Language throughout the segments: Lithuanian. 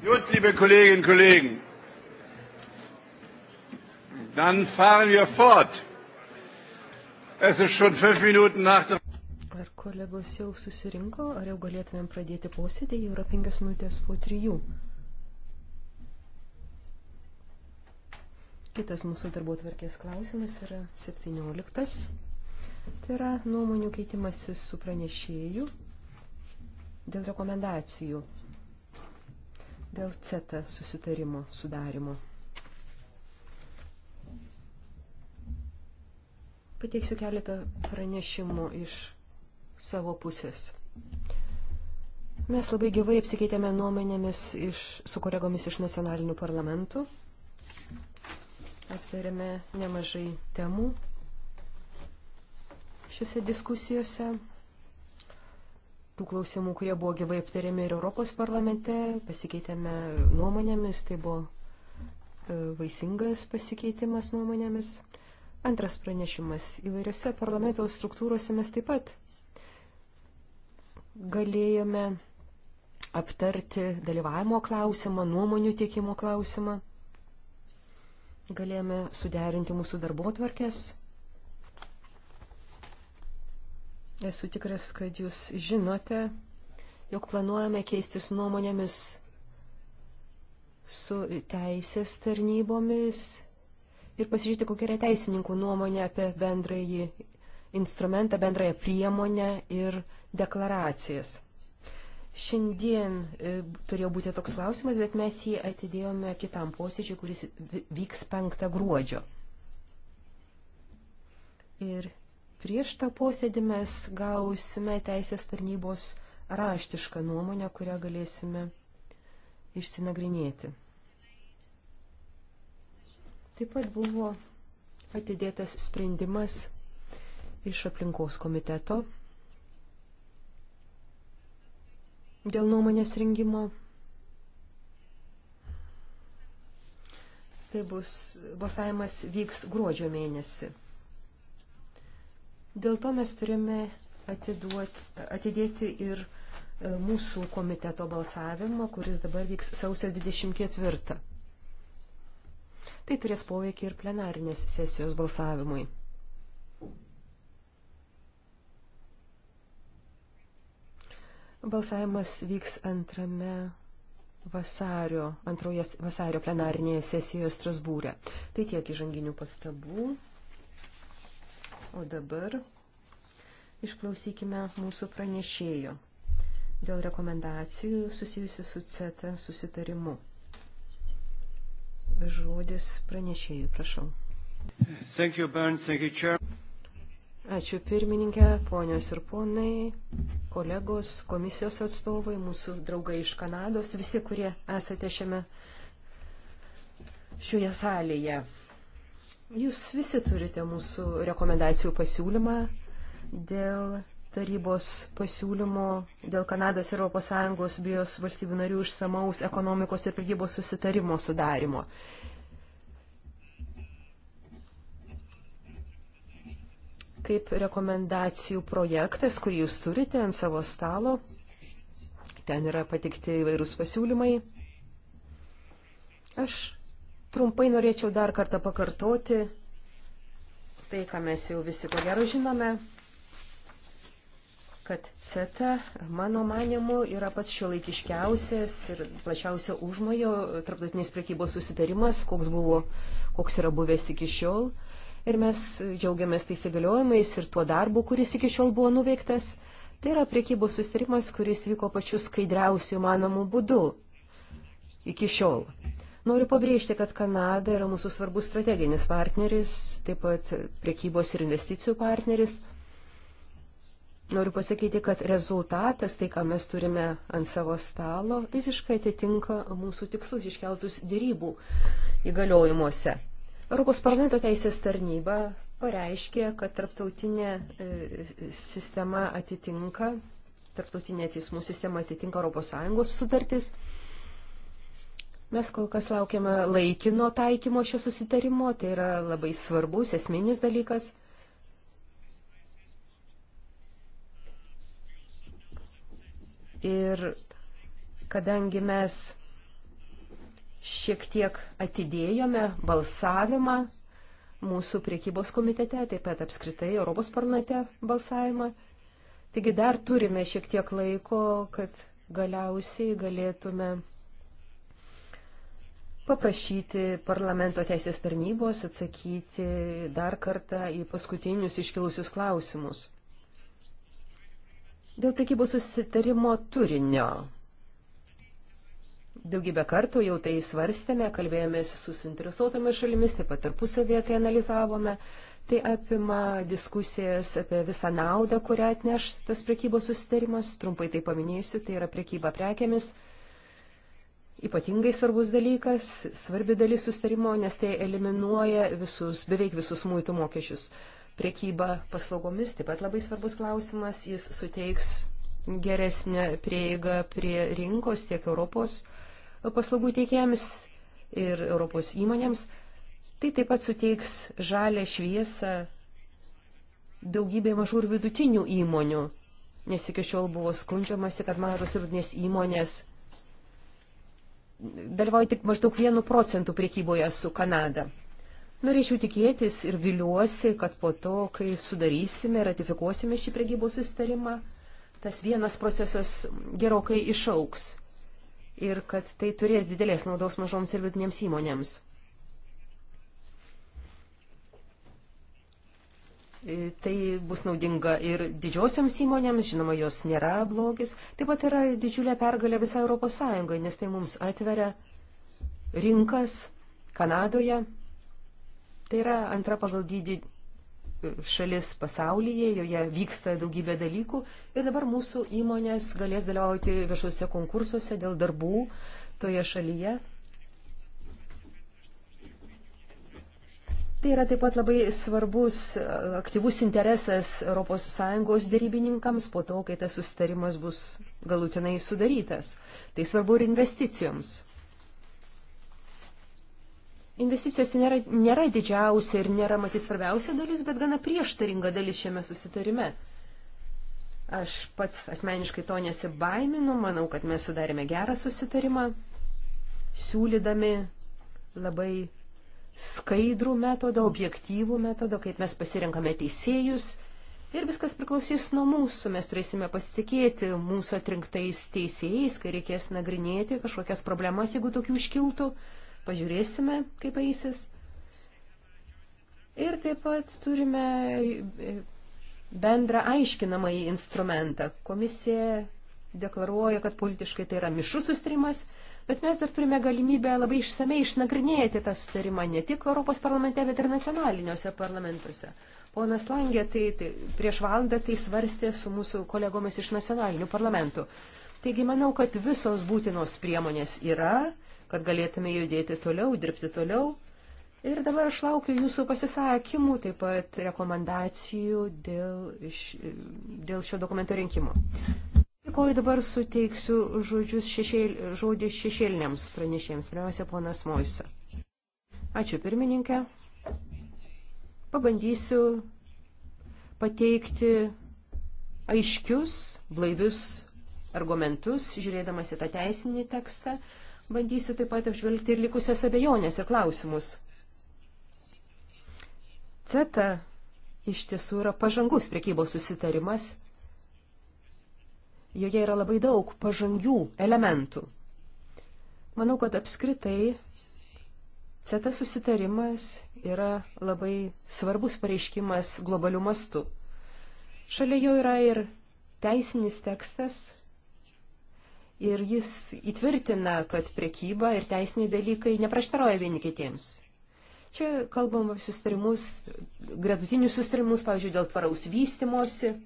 Gut, liebe Kolleginnen und Kollegen, dann fahren wir fort. Es ist schon fünf Minuten nach der. Ar kolegos jau susirinko, ar jau galėtumėm pradėti posėdį, jau yra penkios minutės po trijų. Kitas mūsų darbo tvarkės klausimas yra 17. Tai yra nuomonių keitimasis su pranešėju dėl rekomendacijų dėl CETA susitarimo sudarimo. Pateiksiu keletą pranešimų iš savo pusės. Mes labai gyvai apsikeitėme nuomonėmis iš, su kolegomis iš nacionalinių parlamentų. Aptarėme nemažai temų šiuose diskusijose tų klausimų, kurie buvo gyvai aptariami ir Europos parlamente, pasikeitėme nuomonėmis, tai buvo e, vaisingas pasikeitimas nuomonėmis. Antras pranešimas. Įvairiose parlamento struktūrose mes taip pat galėjome aptarti dalyvavimo klausimą, nuomonių tiekimo klausimą. Galėjome suderinti mūsų darbo tvarkės. Esu tikras, kad jūs žinote, jog planuojame keistis nuomonėmis su teisės tarnybomis ir pasižiūrėti, kokia yra teisininkų nuomonė apie bendrąjį instrumentą, bendrąją priemonę ir deklaracijas. Šiandien e, turėjo būti toks klausimas, bet mes jį atidėjome kitam posėdžiui, kuris vyks 5 gruodžio. Ir Prieš tą posėdį mes gausime teisės tarnybos raštišką nuomonę, kurią galėsime išsinagrinėti. Taip pat buvo atidėtas sprendimas iš aplinkos komiteto dėl nuomonės rengimo. Tai bus, balsavimas vyks gruodžio mėnesį. Dėl to mes turime atiduoti, atidėti ir e, mūsų komiteto balsavimą, kuris dabar vyks sausio 24. Tai turės poveikį ir plenarinės sesijos balsavimui. Balsavimas vyks antrame vasario, antroje vasario plenarinėje sesijoje Strasbūrė. Tai tiek įžanginių pastabų. O dabar išklausykime mūsų pranešėjo dėl rekomendacijų susijusių su CETA susitarimu. Žodis pranešėjai, prašau. Thank you, Bernd. Thank you, Chair. Ačiū pirmininkė, ponios ir ponai, kolegos, komisijos atstovai, mūsų draugai iš Kanados, visi, kurie esate šiame šioje salėje. Jūs visi turite mūsų rekomendacijų pasiūlymą dėl tarybos pasiūlymo dėl Kanados ir ES bijos valstybių narių išsamaus ekonomikos ir prekybos susitarimo sudarimo. Kaip rekomendacijų projektas, kurį jūs turite ant savo stalo, ten yra patikti įvairūs pasiūlymai. Aš Trumpai norėčiau dar kartą pakartoti tai, ką mes jau visi ko gero žinome, kad CETA, mano manimu, yra pats šiuolaikiškiausias ir plačiausio užmojo tarptautinės priekybos susitarimas, koks, buvo, koks yra buvęs iki šiol. Ir mes džiaugiamės tais įgaliojimais ir tuo darbu, kuris iki šiol buvo nuveiktas. Tai yra priekybos susitarimas, kuris vyko pačiu skaidriausiu manomų būdu iki šiol. Noriu pabrėžti, kad Kanada yra mūsų svarbus strateginis partneris, taip pat priekybos ir investicijų partneris. Noriu pasakyti, kad rezultatas, tai ką mes turime ant savo stalo, visiškai atitinka mūsų tikslus iškeltus dėrybų įgaliojimuose. Europos parlamento teisės tarnyba pareiškė, kad tarptautinė e, sistema atitinka, tarptautinė teismų sistema atitinka ES sutartis Mes kol kas laukiame laikino taikymo šio susitarimo, tai yra labai svarbus, esminis dalykas. Ir kadangi mes šiek tiek atidėjome balsavimą mūsų priekybos komitete, taip pat apskritai Europos parlamente balsavimą, taigi dar turime šiek tiek laiko, kad galiausiai galėtume paprašyti parlamento teisės tarnybos atsakyti dar kartą į paskutinius iškilusius klausimus. Dėl prekybos susitarimo turinio. Daugybę kartų jau tai svarstėme, kalbėjomės su suinteresuotomis šalimis, taip pat tarpusavėje tai analizavome. Tai apima diskusijas apie visą naudą, kurią atneš tas prekybos susitarimas. Trumpai tai paminėsiu, tai yra prekyba prekiamis, ypatingai svarbus dalykas, svarbi dalis sustarimo, nes tai eliminuoja visus, beveik visus muitų mokesčius. Priekyba paslaugomis taip pat labai svarbus klausimas, jis suteiks geresnę prieigą prie rinkos tiek Europos paslaugų teikėjams ir Europos įmonėms. Tai taip pat suteiks žalę šviesą daugybė mažų ir vidutinių įmonių, nes iki šiol buvo skundžiamasi, kad mažos ir vidinės įmonės dalyvauja tik maždaug vienu procentu priekyboje su Kanada. Norėčiau tikėtis ir viliuosi, kad po to, kai sudarysime, ratifikuosime šį priekybos sustarimą, tas vienas procesas gerokai išauks ir kad tai turės didelės naudos mažoms ir vidutinėms įmonėms. E, tai bus naudinga ir didžiosioms įmonėms, žinoma, jos nėra blogis. Taip pat yra didžiulė pergalė visai Europos Sąjungoje, nes tai mums atveria rinkas Kanadoje. Tai yra antra pagal dydį e, šalis pasaulyje, joje vyksta daugybė dalykų ir dabar mūsų įmonės galės dalyvauti viešuose konkursuose dėl darbų toje šalyje. Tai yra taip pat labai svarbus e, aktyvus interesas ES dėrybininkams po to, kai tas sustarimas bus galutinai sudarytas. Tai svarbu ir investicijoms. Investicijos nėra, nėra didžiausia ir nėra matyti svarbiausia dalis, bet gana prieštaringa dalis šiame susitarime. Aš pats asmeniškai to nesibaiminu, manau, kad mes sudarėme gerą susitarimą, siūlydami labai skaidrų metodą, objektyvų metodą, kaip mes pasirinkame teisėjus. Ir viskas priklausys nuo mūsų. Mes turėsime pasitikėti mūsų atrinktais teisėjais, kai reikės nagrinėti kažkokias problemas, jeigu tokių iškiltų. Pažiūrėsime, kaip eisis. Ir taip pat turime e, bendrą aiškinamąjį instrumentą. Komisija deklaruoja, kad politiškai tai yra mišrus sustrimas, Bet mes dar turime galimybę labai išsamei išnagrinėti tą sutarimą ne tik Europos parlamente, bet ir nacionaliniuose parlamentuose. Ponas Langė tai, tai prieš valandą tai svarstė su mūsų kolegomis iš nacionalinių parlamentų. Taigi manau, kad visos būtinos priemonės yra, kad galėtume judėti toliau, dirbti toliau. Ir dabar aš laukiu jūsų pasisakymų, taip pat rekomendacijų dėl, dėl šio dokumento rinkimo. Dėkuoju, dabar suteiksiu žodžius šešėl, žodį šešėliniams pranešėjams. Pirmiausia, ponas Moisa. Ačiū pirmininkė. Pabandysiu pateikti aiškius, blaivius argumentus, žiūrėdamas į tą teisinį tekstą. Bandysiu taip pat apžvelgti ir likusias abejonės ir klausimus. CETA iš tiesų yra pažangus priekybos susitarimas Joje yra labai daug pažangių elementų. Manau, kad apskritai CETA susitarimas yra labai svarbus pareiškimas globalių mastų. Šalia jo yra ir teisinis tekstas, ir jis įtvirtina, kad prekyba ir teisiniai dalykai neprieštarauja vieni kitiems. Čia kalbam apie sustarimus, gretutinius sustarimus, pavyzdžiui, dėl tvaraus vystimosi.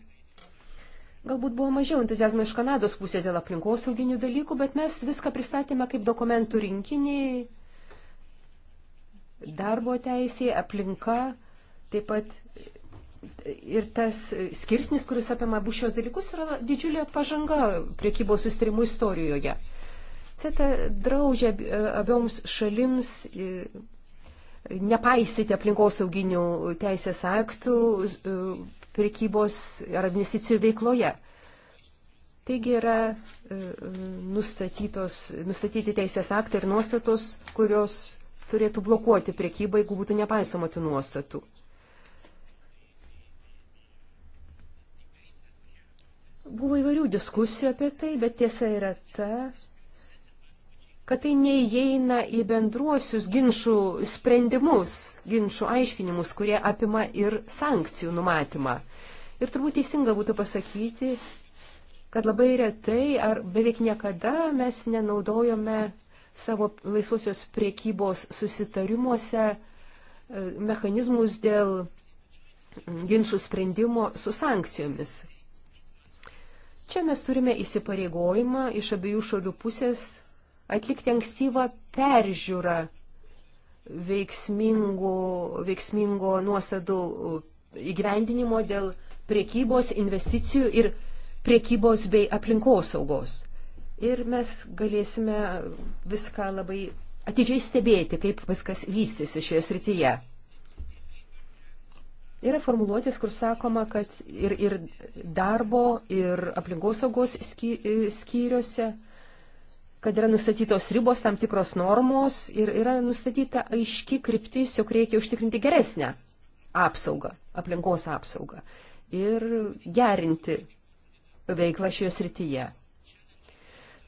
Galbūt buvo mažiau entuzijazmo iš Kanados pusės dėl aplinkosauginių dalykų, bet mes viską pristatėme kaip dokumentų rinkinį, darbo teisė, aplinka, taip pat ir tas skirsnis, kuris apima abu šios dalykus, yra didžiulė pažanga priekybos sustarimų istorijoje. CETA draudžia abioms šalims e, nepaisyti aplinkosauginių teisės aktų, e, prekybos ar investicijų veikloje. Taigi yra e, nustatyti teisės aktai ir nuostatos, kurios turėtų blokuoti priekybą, jeigu būtų nepaisoma tų nuostatų. Buvo įvairių diskusijų apie tai, bet tiesa yra ta, kad tai neįeina į bendruosius ginčių sprendimus, ginčių aiškinimus, kurie apima ir sankcijų numatymą. Ir turbūt teisinga būtų pasakyti, kad labai retai ar beveik niekada mes nenaudojame savo laisvosios priekybos susitarimuose e, mechanizmus dėl ginčių sprendimo su sankcijomis. Čia mes turime įsipareigojimą iš abiejų šalių pusės atlikti ankstyvą peržiūrą veiksmingų, veiksmingo nuosadų įgyvendinimo dėl priekybos, investicijų ir priekybos bei aplinkosaugos. Ir mes galėsime viską labai atidžiai stebėti, kaip viskas vystysi šioje srityje. Yra formuluotis, kur sakoma, kad ir, ir darbo, ir aplinkosaugos sky, skyriuose sky, kad yra nustatytos ribos, tam tikros normos ir yra nustatyta aiški kryptis, jog reikia užtikrinti geresnę apsaugą, aplinkos apsaugą ir gerinti veiklą šioje srityje.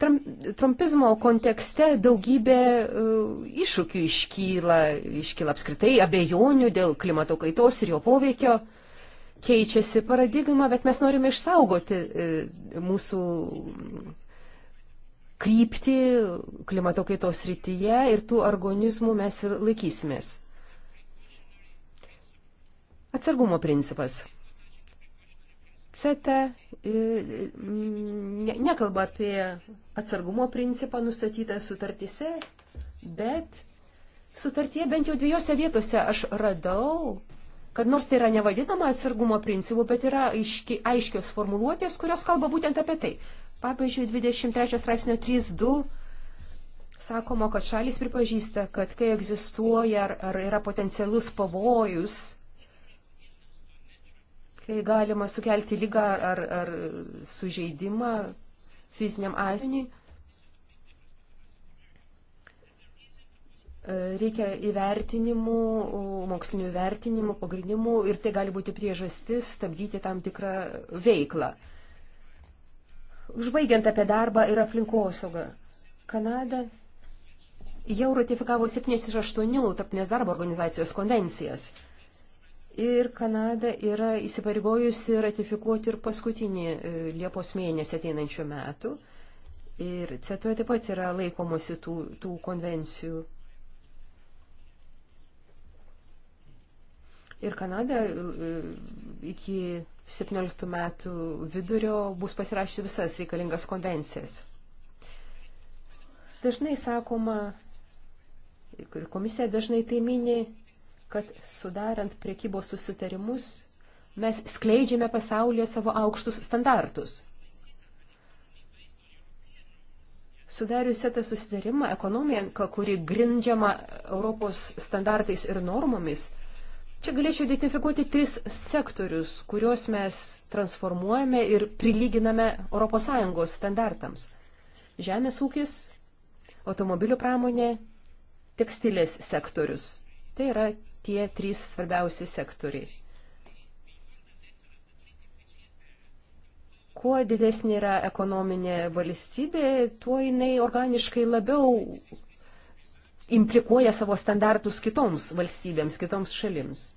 Trumpizmo kontekste daugybė e, iššūkių iškyla, iškyla apskritai abejonių dėl klimato kaitos ir jo poveikio. Keičiasi paradigma, bet mes norime išsaugoti e, mūsų kryptį klimato kaitos rytyje ir tų organizmų mes ir laikysimės. Atsargumo principas. CETA nekalba apie atsargumo principą nustatytą sutartyse, bet sutartie bent jau dviejose vietose aš radau, kad nors tai yra nevadinama atsargumo principu, bet yra aiški, aiškios formuluotės, kurios kalba būtent apie tai. Pavyzdžiui, 23 straipsnio 3.2 sakoma, kad šalis pripažįsta, kad kai egzistuoja ar, ar yra potencialus pavojus, kai galima sukelti lygą ar, ar, ar sužeidimą fiziniam asmeniui, reikia įvertinimų, mokslinių įvertinimų, pagrindimų ir tai gali būti priežastis stabdyti tam tikrą veiklą. Užbaigiant apie darbą ir aplinkosaugą. Kanada jau ratifikavo 7 iš 8 tarpinės darbo organizacijos konvencijas. Ir Kanada yra įsipareigojusi ratifikuoti ir paskutinį e, Liepos mėnesį ateinančių metų. Ir CETO e taip pat yra laikomosi tų, tų konvencijų ir Kanada e, iki 17 metų vidurio bus pasirašyti visas reikalingas konvencijas. Dažnai sakoma, ir komisija dažnai tai mini, kad sudarant priekybos susitarimus mes skleidžiame pasaulyje savo aukštus standartus. Sudariusi tą susidarimą ekonomiką, kuri grindžiama Europos standartais ir normomis, Čia galėčiau identifikuoti tris sektorius, kuriuos mes transformuojame ir prilyginame ES standartams. Žemės ūkis, automobilių pramonė, tekstilės sektorius. Tai yra tie trys svarbiausi sektoriai. Kuo didesnė yra ekonominė valstybė, tuo jinai organiškai labiau implikuoja savo standartus kitoms valstybėms, kitoms šalims.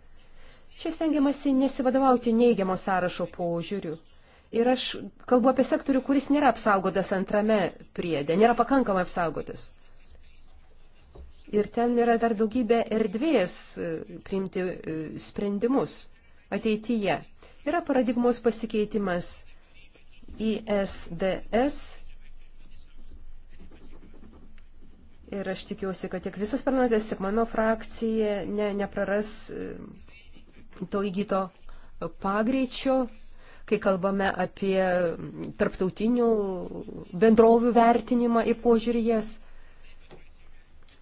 Čia stengiamasi nesivadovauti neigiamo sąrašo požiūriu. Ir aš kalbu apie sektorių, kuris nėra apsaugotas antrame priedė, nėra pakankamai apsaugotas. Ir ten yra dar daugybė erdvės e, priimti e, sprendimus ateityje. Yra paradigmos pasikeitimas ISDS. Ir aš tikiuosi, kad tiek visas parlamentas, tiek mano frakcija ne, nepraras e, to įgyto pagreičio, kai kalbame apie tarptautinių bendrovių vertinimą ir požiūrijas.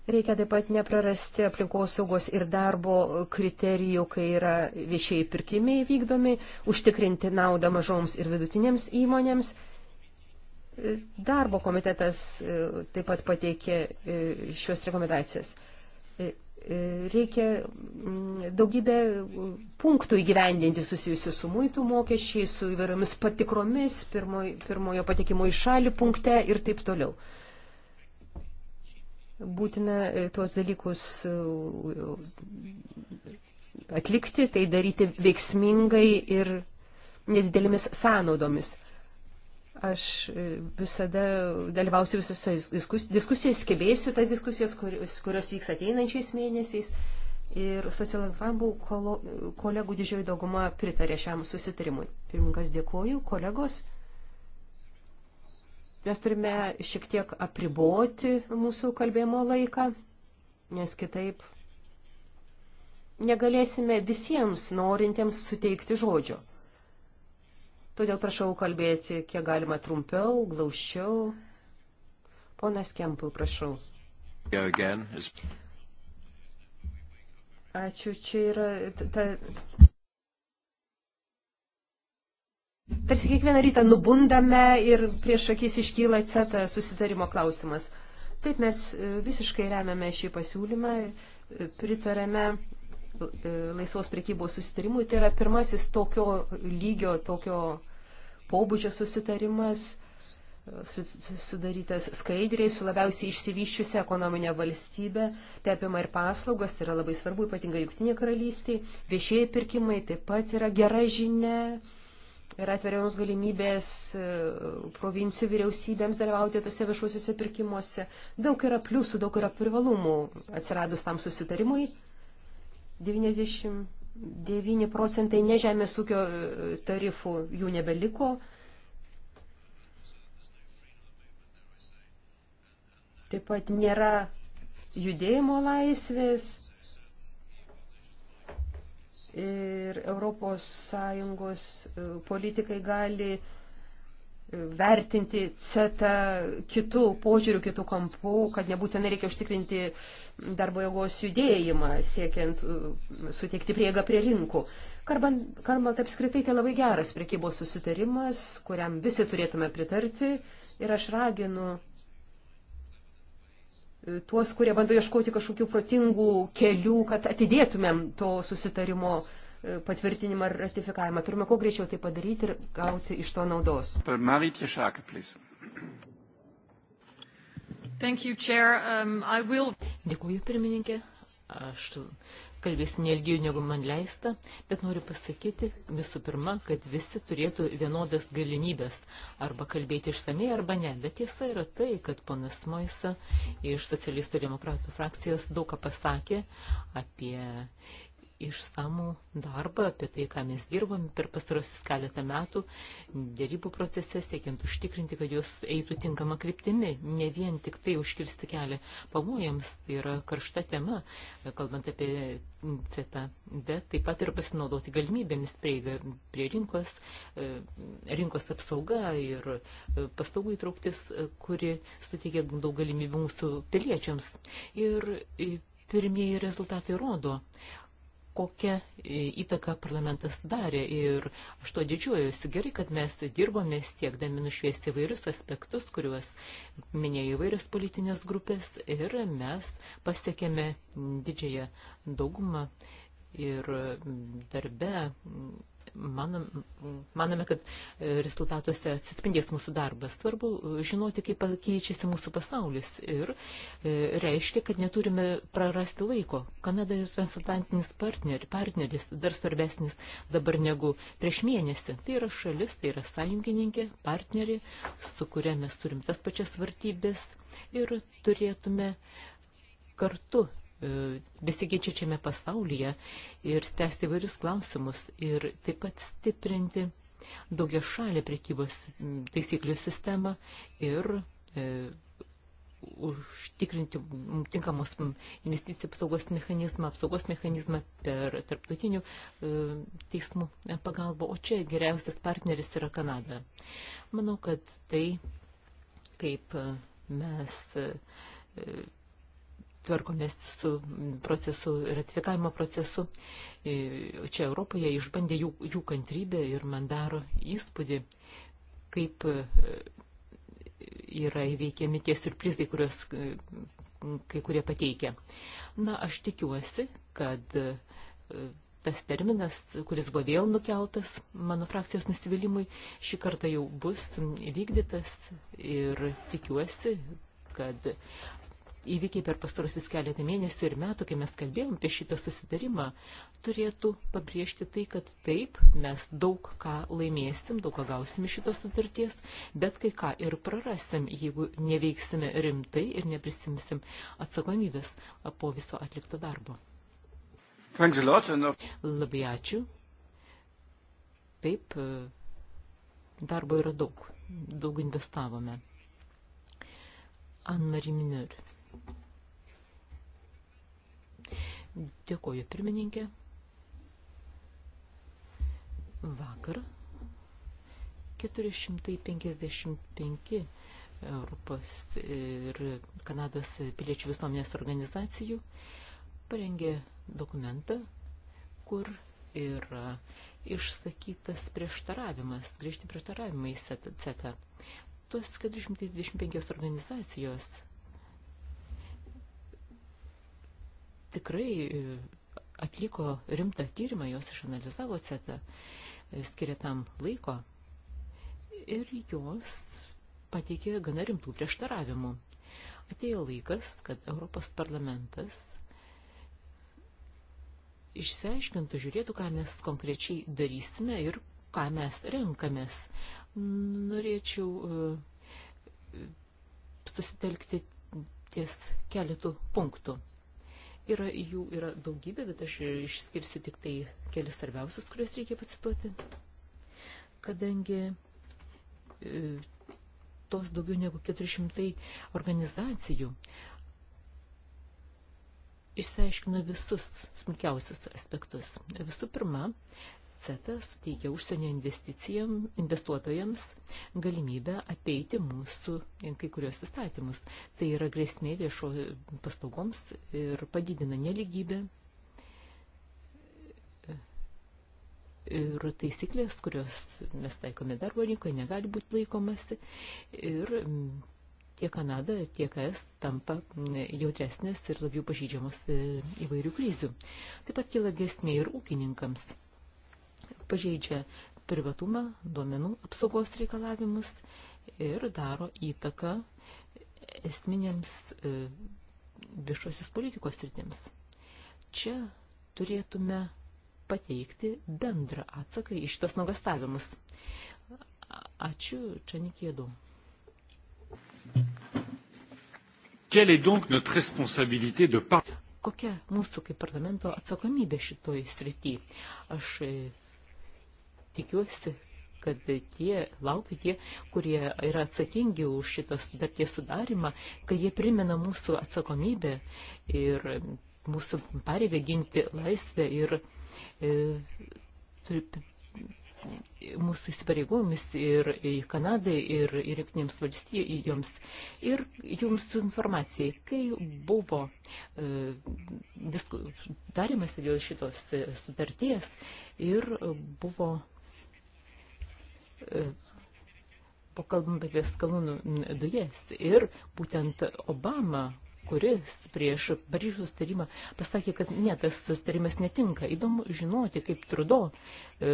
Reikia taip pat neprarasti aplinkosaugos ir darbo kriterijų, kai yra viešieji pirkimiai vykdomi, užtikrinti naudą mažoms ir vidutinėms įmonėms. Darbo komitetas e, taip pat pateikė e, šios rekomendacijas reikia mm, daugybę punktų įgyvendinti susijusių su muitų mokesčiais, su įvairiomis patikromis, pirmojo, pirmojo patekimo į šalį punkte ir taip toliau. Būtina e, tuos dalykus e, atlikti, tai daryti veiksmingai ir nedidelėmis sąnaudomis. Aš e, visada dalyvausiu visose diskusijose, skebėsiu tas diskusijas, kurios vyks ateinančiais mėnesiais. Ir socialdemokratų kolegų didžioji dauguma pritarė šiam susitarimui. Pirmininkas dėkoju, kolegos. Mes turime šiek tiek apriboti mūsų kalbėjimo laiką, nes kitaip negalėsime visiems norintiems suteikti žodžio. Todėl prašau kalbėti kiek galima trumpiau, glaušiau. Ponas Kempel, prašau. Ačiū, čia yra ta. Tarsi kiekvieną rytą nubundame ir prieš akis iškyla CETA susitarimo klausimas. Taip mes e, visiškai remiame šį pasiūlymą, e, pritarėme E, laisvos priekybos susitarimui. Tai yra pirmasis tokio lygio, tokio pobūdžio susitarimas sudarytas skaidriai su labiausiai išsivyščiusią ekonominę valstybę. Tai apima ir paslaugas, tai yra labai svarbu, ypatingai Junktinė karalystė. Viešieji pirkimai taip pat yra gera žinia. Ir atveriamos galimybės e, provincijų vyriausybėms dalyvauti tose viešuosiuose pirkimuose. Daug yra pliusų, daug yra privalumų atsiradus tam susitarimui. 99 procentai nežemės ūkio e, tarifų jų nebeliko. Taip pat nėra judėjimo laisvės. Ir ES e, politikai gali uh, vertinti CETA kitų požiūrių, kitų kampų, kad nebūtinai reikia užtikrinti darbo jėgos judėjimą, siekiant uh, suteikti prieigą prie rinkų. Kalbant apskritai, tai labai geras priekybos susitarimas, kuriam visi turėtume pritarti ir aš raginu uh, tuos, kurie bando ieškoti kažkokių protingų kelių, kad atidėtumėm to susitarimo uh, patvirtinimą ir ratifikavimą. Turime kuo greičiau tai padaryti ir gauti iš to naudos. Thank you, Chair. Um, I will... Dėkuoju, pirmininkė. Aš kalbėsiu neilgiau negu man leista, bet noriu pasakyti visų pirma, kad visi turėtų vienodas galimybės arba kalbėti išsamei arba ne. Bet tiesa yra tai, kad ponas Moisa iš socialistų demokratų frakcijos daug ką pasakė apie išsamų darbą apie tai, ką mes dirbame per pastarosius keletą metų dėrybų procese, siekiant užtikrinti, kad jos eitų tinkama kryptimi, ne vien tik tai užkirsti kelią pavojams, tai yra karšta tema, kalbant apie CETA, bet taip pat ir pasinaudoti galimybėmis prieiga prie rinkos, e, rinkos apsauga ir e, paslaugų įtrauktis, e, kuri suteikia daug galimybių mūsų piliečiams. Ir pirmieji rezultatai rodo, kokią e, įtaką parlamentas darė ir aš tuo didžiuojuosi. Gerai, kad mes dirbome siekdami nušviesti įvairius aspektus, kuriuos minėjo įvairios politinės grupės ir mes pasiekėme didžiąją daugumą ir darbe manome, manome, kad e, rezultatuose atsispindės mūsų darbas. Svarbu e, žinoti, kaip keičiasi mūsų pasaulis ir e, reiškia, kad neturime prarasti laiko. Kanada yra transatlantinis partneris, partneris, dar svarbesnis dabar negu prieš mėnesį. Tai yra šalis, tai yra sąjungininkė, partneri, su kuria mes turim tas pačias vartybės ir turėtume kartu E, besikeičiačiame pasaulyje ir stęsti įvairius klausimus ir taip pat stiprinti daugia šalį prekybos taisyklių sistemą ir e, užtikrinti tinkamos investicijų apsaugos mechanizmą, apsaugos mechanizmą per tarptautinių e, teismų e, pagalbą, o čia geriausias partneris yra Kanada. Manau, kad tai, kaip e, mes e, tvarkomės su procesu, ratifikavimo procesu. E, čia Europoje išbandė jų, jų kantrybę ir man daro įspūdį, kaip e, yra įveikiami tie surprizai, kuriuos e, kai kurie pateikia. Na, aš tikiuosi, kad tas terminas, kuris buvo vėl nukeltas mano frakcijos nusivylimui, šį kartą jau bus įvykdytas ir tikiuosi, kad įvykiai per pastarusius keletą mėnesių ir metų, kai mes kalbėjom apie šitą susitarimą, turėtų pabrėžti tai, kad taip, mes daug ką laimėsim, daug ką gausim iš šitos sutarties, bet kai ką ir prarasim, jeigu neveiksime rimtai ir neprisimsim atsakomybės po viso atlikto darbo. Labai ačiū. Taip, e, darbo yra daug, daug investavome. Anne-Marie Mineur. Dėkoju pirmininkė. Vakar 455 Europos ir Kanados piliečių visuomenės organizacijų parengė dokumentą, kur yra išsakytas prieštaravimas, grįžti prieštaravimai į CETA. Tos 425 organizacijos tikrai e, atliko rimtą tyrimą, jos išanalizavo CETA, e, skiria tam laiko ir jos pateikė gana rimtų prieštaravimų. Atėjo laikas, kad Europos parlamentas išsiaiškintų, žiūrėtų, ką mes konkrečiai darysime ir ką mes renkamės. Norėčiau e, susitelkti ties keletų punktų. Yra, jų yra daugybė, bet aš išskirsiu tik tai kelis svarbiausius, kuriuos reikia pacituoti. Kadangi e, tos daugiau negu 400 organizacijų išsiaiškina visus smulkiausius aspektus. Visų pirma, CETA suteikia užsienio investuotojams galimybę apeiti mūsų kai kurios įstatymus. Tai yra grėsmė viešo paslaugoms ir padidina neligybę. Ir taisyklės, kurios mes taikome darbo rinkoje, negali būti laikomasi. Ir mm, tiek Kanada, tiek ES tampa mm, jautresnės ir labiau pažydžiamos e, įvairių krizių. Taip pat kyla grėsmė ir ūkininkams pažeidžia privatumą, duomenų apsaugos reikalavimus ir daro įtaką esminėms e, viešosios politikos sritims. Čia turėtume pateikti bendrą atsaką į šitos nuogastavimus. Ačiū, Čanikėdu. Quelle est donc notre responsabilité de par... Kokia mūsų kaip parlamento atsakomybė šitoj srity? Aš e, tikiuosi, kad tie laukia tie, kurie yra atsakingi už šitos sudarties sudarimą, kad jie primena mūsų atsakomybę ir mūsų pareigą ginti laisvę ir e, mūsų įsipareigomis ir į Kanadai, ir Junktinėms valstijoms. Ir jums su informacijai, kai buvo e, visku, darimas dėl šitos e, sutarties ir buvo E, pakalbam apie skalūnų dujas. Ir būtent Obama, kuris prieš Paryžiaus sustarimą pasakė, kad ne, tas sustarimas netinka. Įdomu žinoti, kaip trudo e,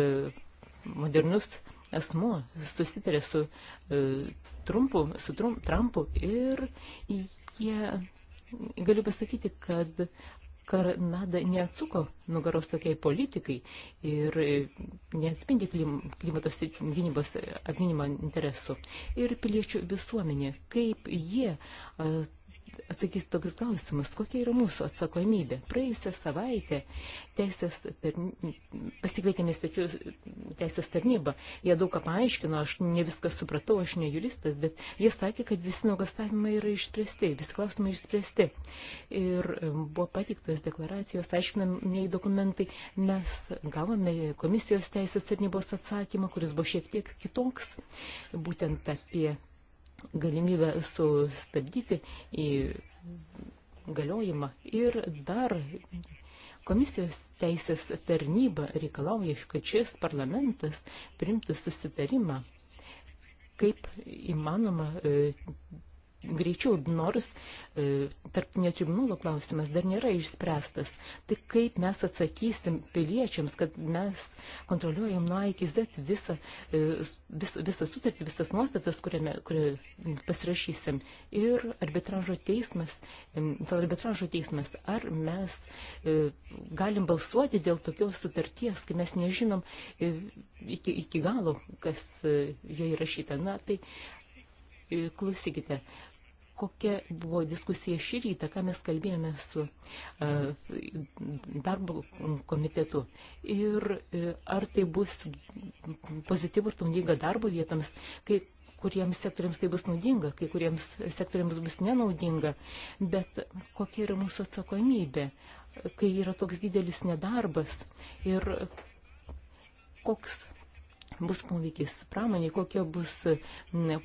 modernus asmuo susitarė su e, Trumpu, su Trump, Trumpu ir jie, galiu pasakyti, kad Kanada neatsuko nugaros tokiai politikai ir neatspindi klimatos gynybos apginimo interesų. Ir piliečių visuomenė, kaip jie atsakys tokius klausimus, kokia yra mūsų atsakomybė. Praėjusią savaitę teisės tarny... pasikvietėme svečius teisės tarnybą. Jie daug ką paaiškino, aš ne viską supratau, aš ne juristas, bet jie sakė, kad visi nuogastavimai yra išspręsti, visi klausimai išspręsti. Ir buvo patiktos deklaracijos, aiškinamiai dokumentai. Mes gavome komisijos teisės tarnybos atsakymą, kuris buvo šiek tiek kitoks, būtent apie galimybę sustabdyti į galiojimą. Ir dar komisijos teisės tarnyba reikalauja, kad šis parlamentas primtų susitarimą, kaip įmanoma e, greičiau, nors e, tarptinio tribunolo klausimas dar nėra išspręstas. Tai kaip mes atsakysim piliečiams, kad mes kontroliuojam nuo A iki Z visą, e, vis, visą sutartį, visas nuostatas, kuriame, kurį pasirašysim. Ir arbitražo teismas, dėl arbitražo teismas, ar mes e, galim balsuoti dėl tokios sutarties, kai mes nežinom e, iki, iki galo, kas e, joje įrašyta. Na, tai, e, klausykite, kokia buvo diskusija šį rytą, ką mes kalbėjome su darbo komitetu. Ir e, ar tai bus pozityvų ir naudinga darbo vietams, kai kuriems sektoriams tai bus naudinga, kai kuriems sektoriams bus nenaudinga, bet kokia yra mūsų atsakomybė, kai yra toks didelis nedarbas ir koks bus poveikis pramoniai, kokie bus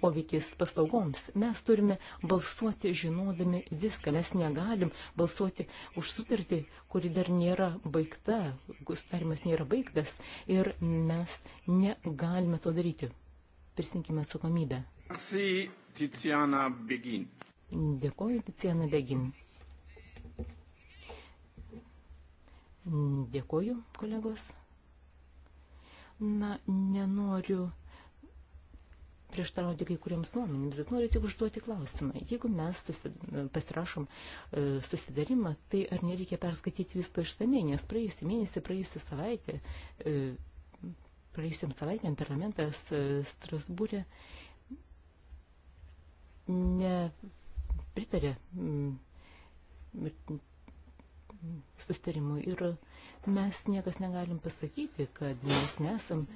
poveikis paslaugoms. Mes turime balsuoti žinodami viską. Mes negalim balsuoti už sutartį, kuri dar nėra baigta, sutarimas nėra baigtas ir mes negalime to daryti. Prisinkime atsakomybę. Merci, Tiziana Begin. Dėkoju, Tiziana Begin. Dėkoju, kolegos. Na, nenoriu prieštarauti kai kuriems nuomonėms, bet noriu tik užduoti klausimą. Jeigu mes susi, pasirašom e, susidarimą, tai ar nereikia perskaityti visko išsamei, nes praėjusį mėnesį, praėjusią savaitę, e, praėjusiam savaitėm parlamentas e, Strasbūrė nepritarė susidarimui ir e, mes niekas negalim pasakyti, kad mes nesam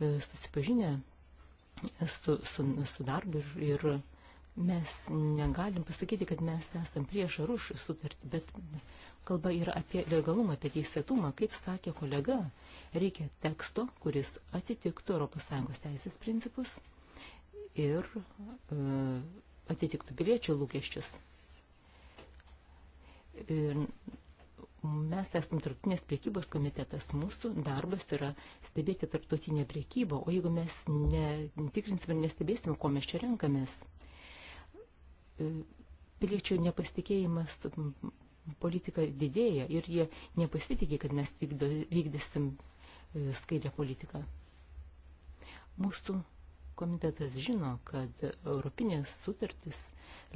e, susipažinę e, su, su, su darbu ir, ir mes negalim pasakyti, kad mes esam prieš ar už sutartį, bet kalba yra apie legalumą, apie teisėtumą. Kaip sakė kolega, reikia teksto, kuris atitiktų ES teisės principus ir e, atitiktų piliečių lūkesčius. Ir Mes esame tarptautinės priekybos komitetas, mūsų darbas yra stebėti tarptautinę priekybą, o jeigu mes netikrinsime ir nestebėsime, ko mes čia renkamės, e, piliečių nepasitikėjimas politika didėja ir jie nepasitikė, kad mes vykdo, vykdysim e, skaidrę politiką. Mūsų komitetas žino, kad europinės sutartis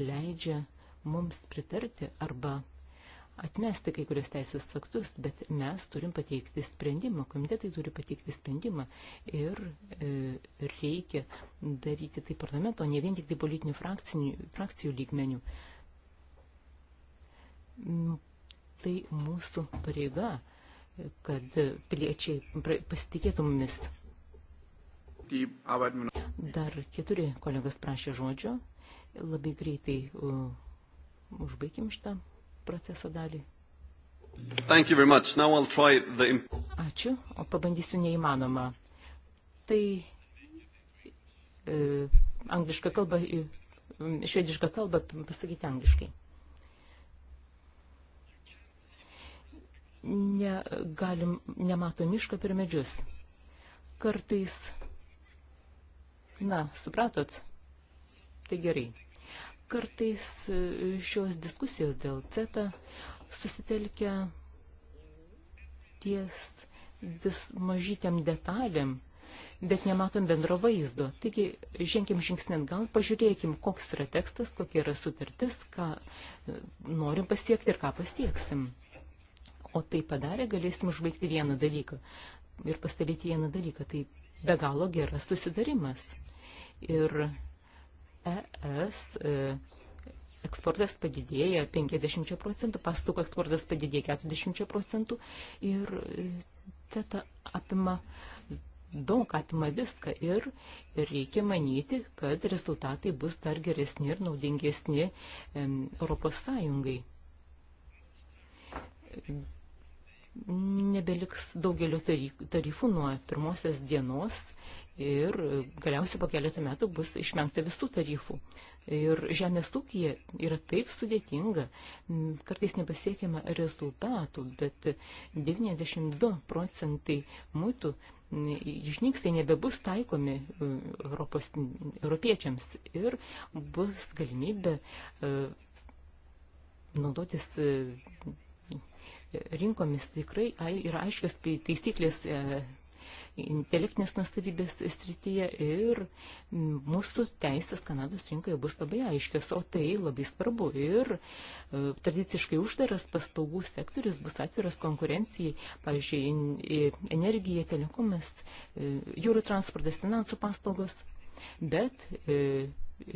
leidžia mums pritarti arba atmesti kai kurios teisės aktus, bet mes turim pateikti sprendimą, komitetai turi pateikti sprendimą ir e, reikia daryti tai parlamento, ne vien tik tai politinių frakcijų, frakcijų lygmenių. Mm, tai mūsų pareiga, kad piliečiai pasitikėtų mumis. Dar keturi kolegas prašė žodžio. Labai greitai uh, užbaikim šitą proceso dalį. The... Ačiū, o pabandysiu neįmanoma. Tai e, anglišką kalbą, švedišką kalbą pasakyti angliškai. Negalim, nemato mišką per medžius. Kartais, na, supratot, tai gerai Kartais e, šios diskusijos dėl CETA susitelkia ties vis mažytėm detalėm, bet nematom bendro vaizdo. Taigi, ženkim žingsnį atgal, pažiūrėkim, koks yra tekstas, kokia yra sutartis, ką e, norim pasiekti ir ką pasieksim. O tai padarę galėsim užbaigti vieną dalyką ir pastebėti vieną dalyką. Tai be galo geras susidarimas. Ir ES e, eksportas padidėja 50 procentų, pastukų eksportas padidėja 40 procentų ir e, teta apima daug apima viską ir reikia manyti, kad rezultatai bus dar geresni ir naudingesni Europos Sąjungai. Nebeliks daugelio tarifų nuo pirmosios dienos ir galiausiai po keletą metų bus išmengta visų tarifų. Ir žemės ūkija yra taip sudėtinga, kartais nepasiekiama rezultatų, bet 92 procentai mūtų išnyks, tai nebebus taikomi Europos, europiečiams ir bus galimybė e, naudotis e, rinkomis tikrai yra aiškios taisyklės e, intelektinės nustavybės srityje ir mūsų teisės Kanados rinkoje bus labai aiškios, o tai labai svarbu. Ir e, tradiciškai uždaras paslaugų sektorius bus atviras konkurencijai, pavyzdžiui, e, energija, telekomas, e, jūrų transportas, finansų paslaugos. Bet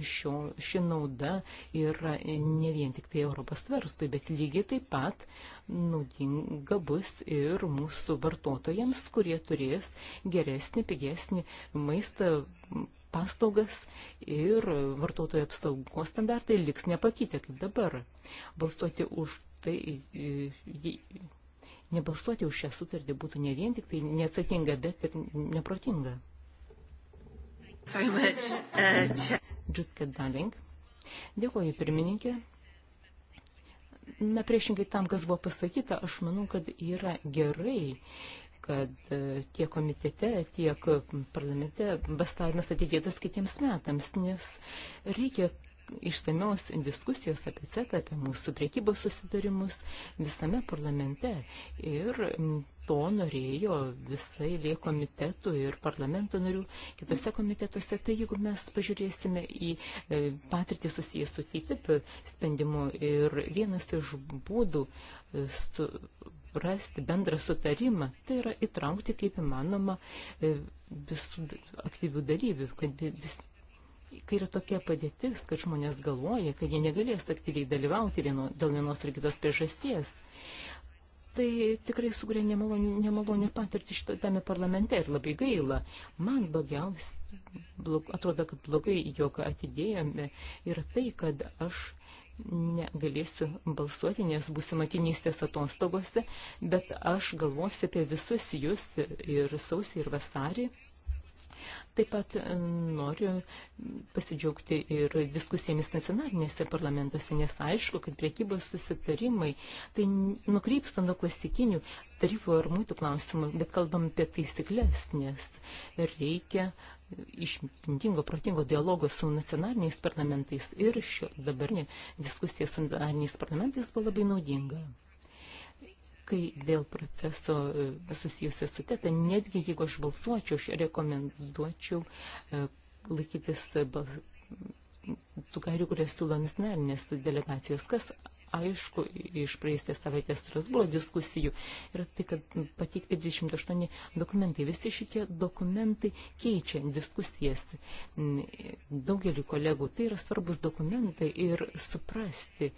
šio, ši nauda yra ne vien tik tai Europos verslui, bet lygiai taip pat naudinga bus ir mūsų vartotojams, kurie turės geresnį, pigesnį maistą paslaugas ir vartotojų apsaugos standartai liks nepakitę kaip dabar. Balsuoti už tai, e, nebalsuoti už šią sutartį būtų ne vien tik tai neatsakinga, bet ir neprotinga. Very much. Uh, Džutke Daling. Dėkuoju pirmininkė. Na, priešingai tam, kas buvo pasakyta, aš manau, kad yra gerai, kad e, tiek komitete, tiek parlamente bastavimas atidėtas kitiems metams, nes reikia išsamios diskusijos apie CETA, apie mūsų priekybos susidarimus visame parlamente. Ir mm, to norėjo visai lie komitetų ir parlamento narių kitose komitetuose. Tai jeigu mes pažiūrėsime į e, patirtį susijęs su TTIP sprendimu ir vienas iš būdų e, su, rasti bendrą sutarimą, tai yra įtraukti kaip įmanoma e, visų aktyvių dalyvių, kad vis, kai yra tokia padėtis, kad žmonės galvoja, kad jie negalės aktyviai dalyvauti vieno, dėl vienos ar kitos priežasties, tai tikrai sugrė nemalonę nemalonė patirtį šitame parlamente ir labai gaila. Man blogiausia, blog, atrodo, kad blogai, jog atidėjome ir tai, kad aš negalėsiu balsuoti, nes būsiu matinystės atostogose, bet aš galvosiu apie visus jūs ir sausį, ir vasarį. Taip pat e, noriu pasidžiaugti ir diskusijomis nacionalinėse parlamentuose, nes aišku, kad priekybos susitarimai tai nukrypsta nuo klasikinių tarifų ar mūtų klausimų, bet kalbam apie taisyklės, nes reikia išmintingo, protingo dialogo su nacionaliniais parlamentais ir šio dabarnė diskusija su nacionaliniais parlamentais buvo labai naudinga kai dėl proceso e, susijusio su teta, netgi jeigu aš balsuočiau, aš rekomenduočiau e, laikytis tų karių, kurias siūlo nacionalinės delegacijos. Kas aišku iš praėjusios savaitės Strasbūro diskusijų yra tai, kad pateikti 28 dokumentai. Visi šitie dokumentai keičia diskusijas. Daugelį kolegų tai yra svarbus dokumentai ir suprasti,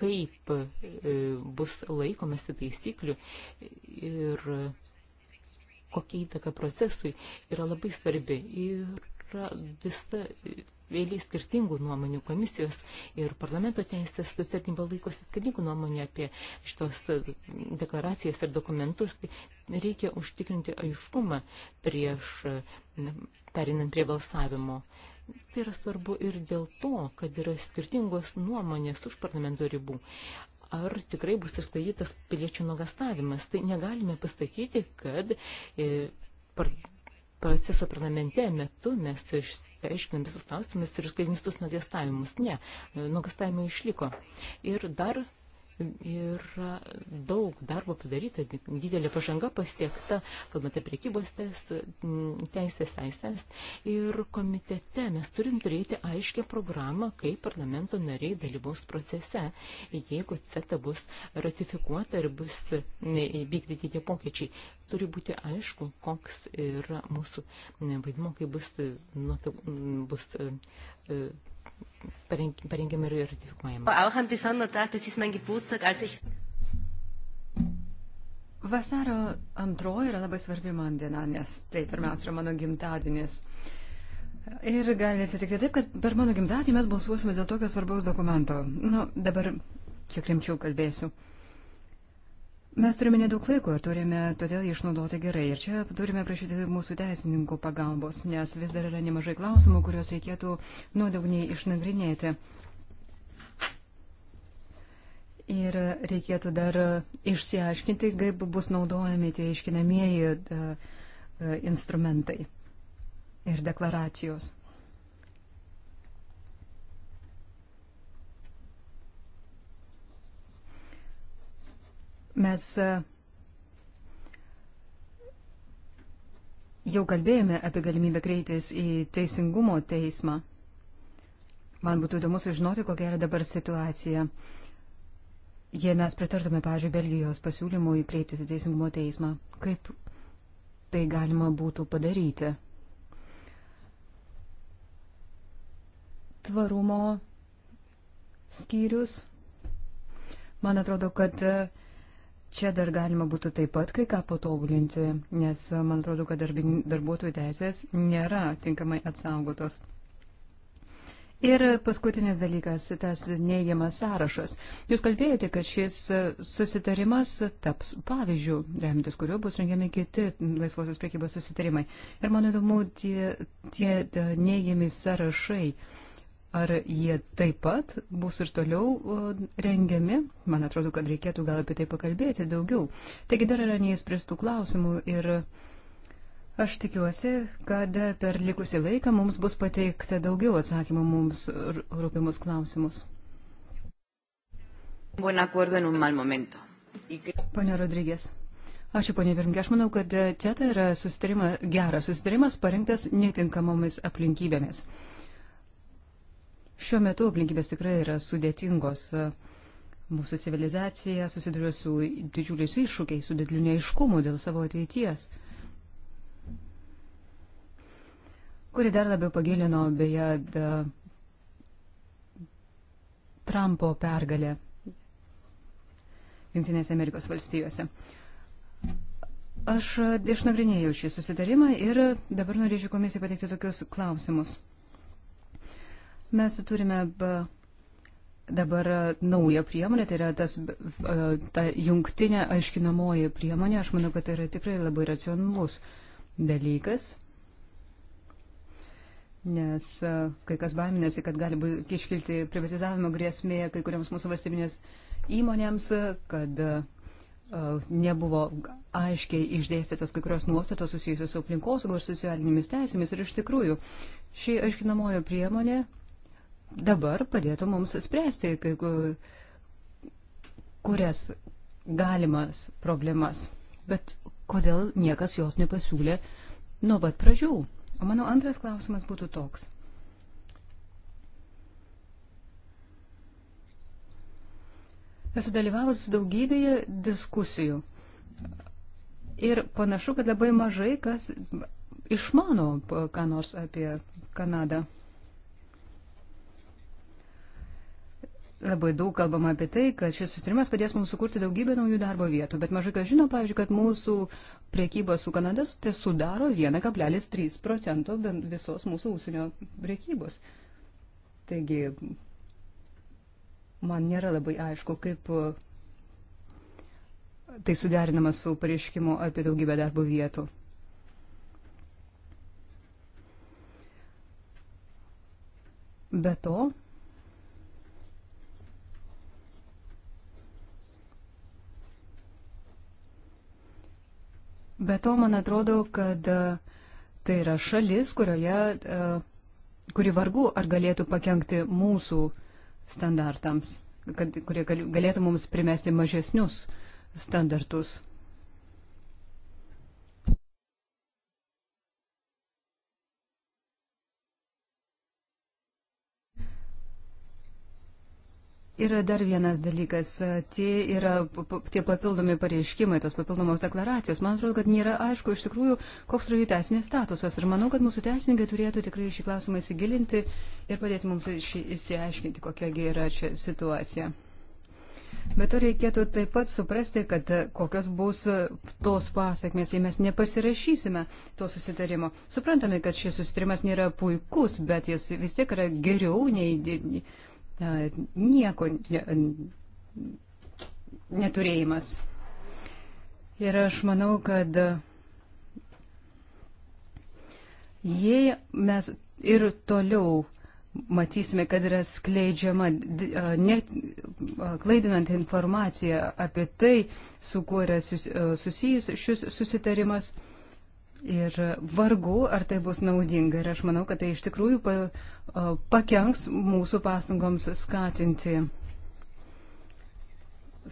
kaip e, bus laikomasi taisyklių ir kokia įtaka procesui yra labai svarbi. Yra visa vėliai skirtingų nuomonių komisijos ir parlamento teisės tarnyba laikosi skirtingų nuomonių apie šitos deklaracijas ir dokumentus. Tai reikia užtikrinti aiškumą prieš perinant prie balsavimo. Tai yra svarbu ir dėl to, kad yra skirtingos nuomonės už parlamento ribų. Ar tikrai bus išsklaidytas piliečių nuogastavimas? Tai negalime pasakyti, kad e, par, proceso parlamente metu mes išsiaiškinam visus klausimus ir išsklaidymus tuos nuogastavimus. Ne, e, nuogastavimai išliko. Ir dar yra daug darbo padaryta, didelė pažanga pasiekta, kalbant apie priekybos teisės teisės. Ir komitete mes turim turėti aiškę programą, kaip parlamento nariai dalyvaus procese, jeigu CETA bus ratifikuota ir bus vykdyti tie pokyčiai turi būti aišku, koks yra mūsų vaidmo, kai bus, nu, bus e, parengiama ir ratifikuojama. Vasario antroji yra labai svarbi man diena, nes tai pirmiausia yra mano gimtadienis. Ir gali atsitikti taip, kad per mano gimtadienį mes balsuosime dėl tokio svarbaus dokumento. Na, nu, dabar kiek rimčiau kalbėsiu. Mes turime nedaug laiko ir turime todėl jį išnaudoti gerai. Ir čia turime prašyti mūsų teisininkų pagalbos, nes vis dar yra nemažai klausimų, kuriuos reikėtų nuodugniai išnagrinėti. Ir reikėtų dar išsiaiškinti, kaip bus naudojami tie iškinamieji e, e, instrumentai ir deklaracijos. Mes e, jau kalbėjome apie galimybę kreiptis į teisingumo teismą. Man būtų įdomu sužinoti, kokia yra dabar situacija. Jei mes pritartume, pavyzdžiui, Belgijos pasiūlymui kreiptis į Teisingumo teismą, kaip tai galima būtų padaryti? Tvarumo skyrius. Man atrodo, kad e, Čia dar galima būtų taip pat kai ką patobulinti, nes man atrodo, kad darbin, darbuotojų teisės nėra tinkamai atsaugotos. Ir paskutinis dalykas, tas neigiamas sąrašas. Jūs kalbėjote, kad šis susitarimas taps pavyzdžių, remtis kuriuo bus rengiami kiti laisvosios priekybos susitarimai. Ir man įdomu, tie, tie neigiami sąrašai Ar jie taip pat bus ir toliau rengiami? Man atrodo, kad reikėtų gal apie tai pakalbėti daugiau. Taigi dar yra neįspręstų klausimų ir aš tikiuosi, kad per likusį laiką mums bus pateikta daugiau atsakymų mums rūpimus klausimus. Pane Rodrygės. Ačiū, ponė Virmke. Aš manau, kad čia tai yra susitarima, geras susitarimas parinktas netinkamomis aplinkybėmis. Uh, Šiuo metu aplinkybės tikrai yra sudėtingos. Mūsų civilizacija susiduria su didžiuliais iššūkiais, su dideliu neiškumu dėl savo ateities, kuri dar labiau pagilino beje da, Trumpo pergalę Junktinėse Amerikos valstijose. Aš išnagrinėjau šį susitarimą ir dabar norėčiau komisijai pateikti tokius klausimus. Mes turime dabar e, naują priemonę, tai yra tas, e, ta jungtinė aiškinamoji priemonė. Aš manau, kad tai yra tikrai labai racionalus dalykas. Nes e, kai kas baiminasi, kad gali iškilti privatizavimo grėsmė kai kuriams mūsų valstybinės įmonėms, kad nebuvo aiškiai išdėstytos kai kurios nuostatos susijusios su aplinkosaugos ir socialinėmis teisėmis. Ir iš tikrųjų, ši aiškinamojo priemonė dabar padėtų mums spręsti kai kurias galimas problemas. Bet kodėl niekas jos nepasiūlė nuo pat pradžių? O mano antras klausimas būtų toks. Esu dalyvavus daugybėje diskusijų. Ir panašu, kad labai mažai kas išmano ką nors apie Kanadą. Labai daug kalbama apie tai, kad šis sustarimas padės mums sukurti daugybę naujų darbo vietų, bet mažai kas žino, pavyzdžiui, kad mūsų priekyba su Kanada tai sudaro 1,3 procento visos mūsų ūsinio priekybos. Taigi, man nėra labai aišku, kaip e, tai suderinama su pareiškimu apie daugybę darbo vietų. Be to, Be to, man atrodo, kad e, tai yra šalis, kurioje, e, kuri vargu ar galėtų pakengti mūsų standartams, kad, kurie galėtų mums primesti mažesnius standartus. Yra dar vienas dalykas, tie yra tie papildomi pareiškimai, tos papildomos deklaracijos. Man atrodo, kad nėra aišku iš tikrųjų, koks yra jų teisinės statusas. Ir manau, kad mūsų teisininkai turėtų tikrai šį klausimą įsigilinti ir padėti mums įsiaiškinti, kokiagi yra čia situacija. Bet to reikėtų taip pat suprasti, kad e, kokios bus e, tos pasakmės, jei mes nepasirašysime to susitarimo. Suprantame, kad šis susitarimas nėra puikus, bet jis vis tiek yra geriau nei, nieko neturėjimas. Ir aš manau, kad jei mes ir toliau matysime, kad yra skleidžiama net klaidinant informaciją apie tai, su kuo yra susijęs šis susitarimas, Ir vargu, ar tai bus naudinga. Ir aš manau, kad tai iš tikrųjų pa, pakenks mūsų pastangoms skatinti,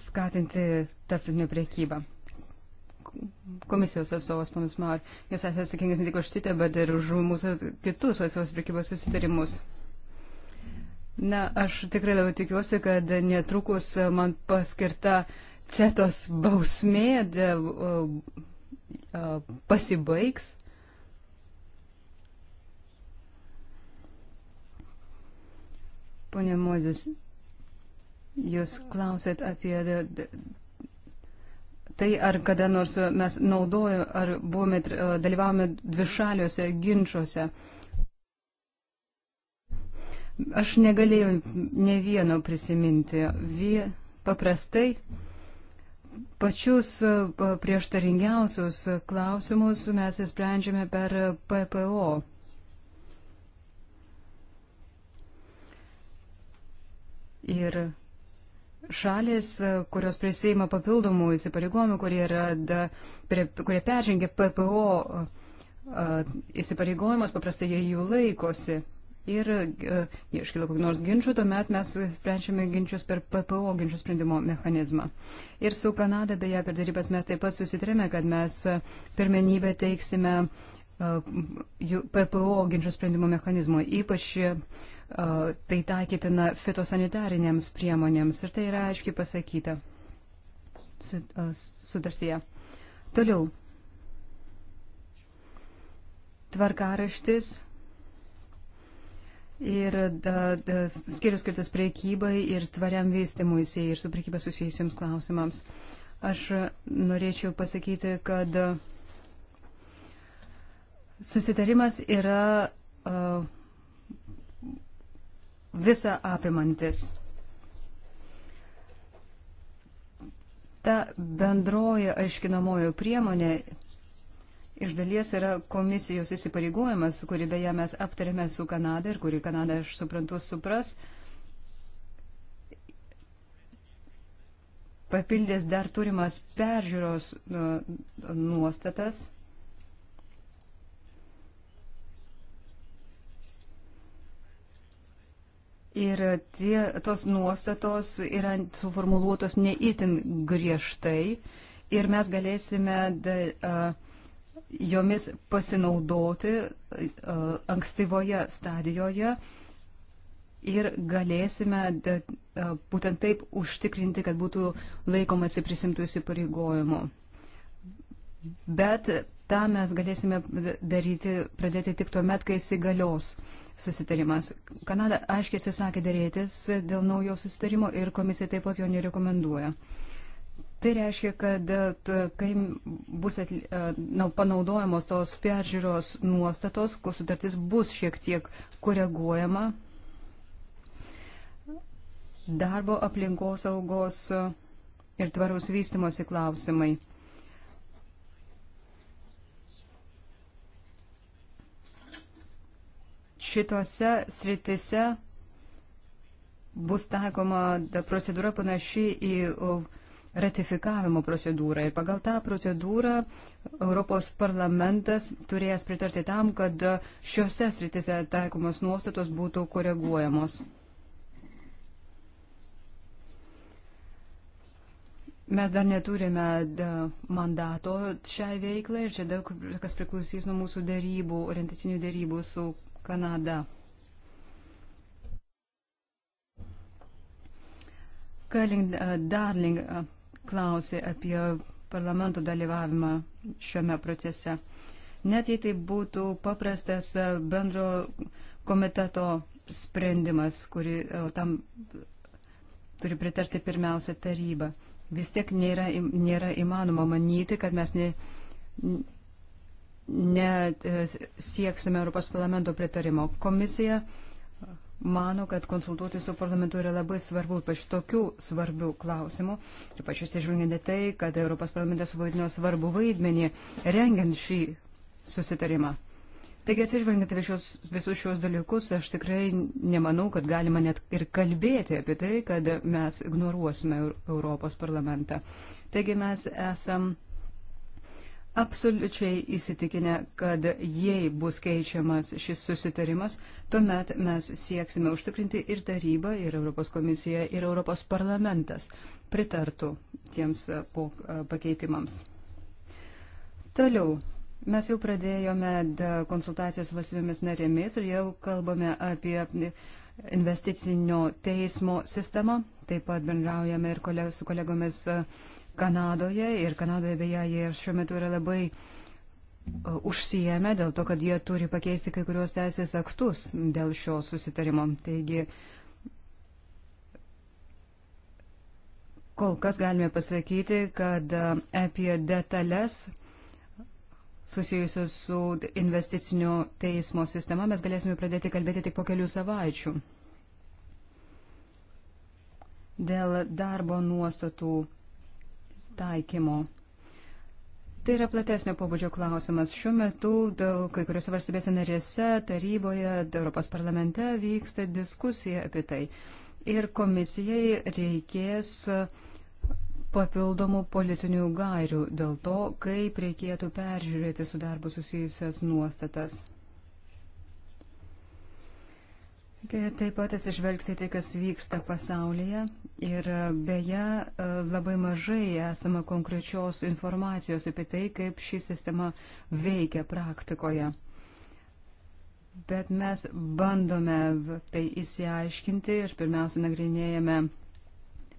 skatinti tarptautinę priekybą. Komisijos atstovas, panas Maur, jūs esate atsakingas ne tik už šitą, bet ir už mūsų kitus laisvos priekybos susitarimus. Na, aš tikrai labai tikiuosi, kad netrukus man paskirta cetos bausmė. De, uh, pasibaigs. Pone Mozės, jūs klausėt apie tai, ar kada nors mes naudojame, ar buvome, dalyvavome dvišaliuose ginčiuose. Aš negalėjau ne vieno prisiminti. Vie, paprastai pačius e, prieštaringiausius klausimus mes sprendžiame per PPO. Ir šalis, e, kurios prisėima papildomų įsipareigojimų, kurie, yra, kurie peržengia PPO e, įsipareigojimus, paprastai jie jų laikosi ir e, iškyla kokių nors ginčių, tuomet mes sprendžiame ginčius per PPO ginčių sprendimo mechanizmą. Ir su Kanada beje per darybas mes taip pat susitarėme, kad mes e, pirmenybę teiksime e, PPO ginčių sprendimo mechanizmui, ypač tai taikytina fitosanitarinėms priemonėms ir tai yra aiškiai pasakyta sutartyje. Toliau. Tvarkaraštis Ir da, da, skirius skirtas priekybai ir tvariam vystimuisi ir su priekyba susijusiems klausimams. Aš norėčiau pasakyti, kad susitarimas yra uh, visa apimantis. Ta bendroji aiškinamojo priemonė iš dalies yra komisijos įsipareigojimas, kurį beje mes aptarėme su Kanada ir kurį Kanada, aš suprantu, supras, papildės dar turimas peržiūros nu, nuostatas. Ir tie, tos nuostatos yra suformuluotos neįtin griežtai ir mes galėsime da, uh, jomis pasinaudoti e, ankstyvoje stadijoje ir galėsime e, būtent taip užtikrinti, kad būtų laikomasi prisimtų įsipareigojimų. Bet tą mes galėsime daryti, pradėti tik tuo met, kai įsigalios susitarimas. Kanada aiškiai atsisakė dėrėtis dėl naujo susitarimo ir komisija taip pat jo nerekomenduoja. Tai reiškia, kad e, kai bus atli, e, na, panaudojamos tos peržiūros nuostatos, kur sutartis bus šiek tiek koreguojama, darbo aplinkos saugos ir tvaraus vystimosi klausimai. Šitose sritise bus taikoma procedūra panaši į uh, ratifikavimo procedūrą ir pagal tą procedūrą Europos parlamentas turės pritarti tam, kad šiuose sritise taikomos nuostatos būtų koreguojamos. Mes dar neturime mandato šiai veiklai ir čia daug kas priklausys nuo mūsų darybų, orientacinių darybų su Kanada. Curling, uh, darling, uh, klausė apie parlamento dalyvavimą šiame procese. Net jei tai būtų paprastas bendro komiteto sprendimas, kuri tam turi pritarti pirmiausia taryba, vis tiek nėra, nėra įmanoma manyti, kad mes ne, nesieksime e, Europos parlamento pritarimo. Komisija uh, mano, kad konsultuoti su parlamentu yra labai svarbu, ypač tokių svarbių klausimų. Ir ypač atsižvelgiant į tai, kad Europos parlamentas suvaidino svarbu vaidmenį rengiant šį susitarimą. Taigi, atsižvelgiant visus, visus šios dalykus, aš tikrai nemanau, kad galima net ir kalbėti apie tai, kad mes ignoruosime Europos parlamentą. Taigi mes esam absoliučiai įsitikinę, kad jei bus keičiamas šis susitarimas, tuomet mes sieksime užtikrinti ir tarybą, ir Europos komisija, ir Europos parlamentas pritartų tiems e, e, pakeitimams. Toliau. Mes jau pradėjome konsultacijos valstybėmis narėmis ir jau kalbame apie investicinio teismo sistemą. Taip pat bendraujame ir kole, su kolegomis uh, Kanadoje ir Kanadoje beje jie šiuo metu yra labai e, užsijėmę dėl to, kad jie turi pakeisti kai kurios teisės aktus dėl šio susitarimo. Taigi, kol kas galime pasakyti, kad e, apie detalės susijusios su investicinio teismo sistema mes galėsime pradėti kalbėti tik po kelių savaičių. Dėl darbo nuostatų taikymo. Tai yra platesnio pobūdžio klausimas. Šiuo metu kai kuriuose valstybėse narėse, taryboje, Europos parlamente vyksta diskusija apie tai. Ir komisijai reikės papildomų politinių gairių dėl to, kaip reikėtų peržiūrėti su darbu susijusias nuostatas. Taip pat atsižvelgti tai, kas vyksta pasaulyje. Ir beje, e, labai mažai esama konkrečios informacijos apie tai, kaip ši sistema veikia praktikoje. Bet mes bandome tai įsiaiškinti ir pirmiausia nagrinėjame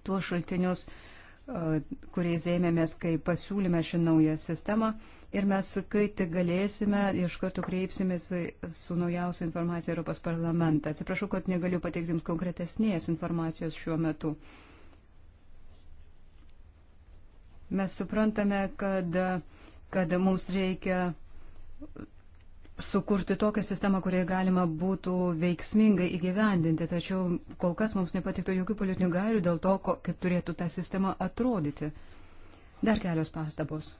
tuos šaltinius, e, kuriais rėmėmės, kai pasiūlėme šią naują sistemą. Ir mes, kai tik galėsime, iš karto kreipsimės su, su naujausia informacija Europos parlamentą. Atsiprašau, kad negaliu pateikti jums konkretesnės informacijos šiuo metu. Mes suprantame, kad, kad mums reikia sukurti tokią sistemą, kurioje galima būtų veiksmingai įgyvendinti, tačiau kol kas mums nepatiktų jokių politinių gairių dėl to, kaip turėtų ta sistema atrodyti. Dar kelios pastabos.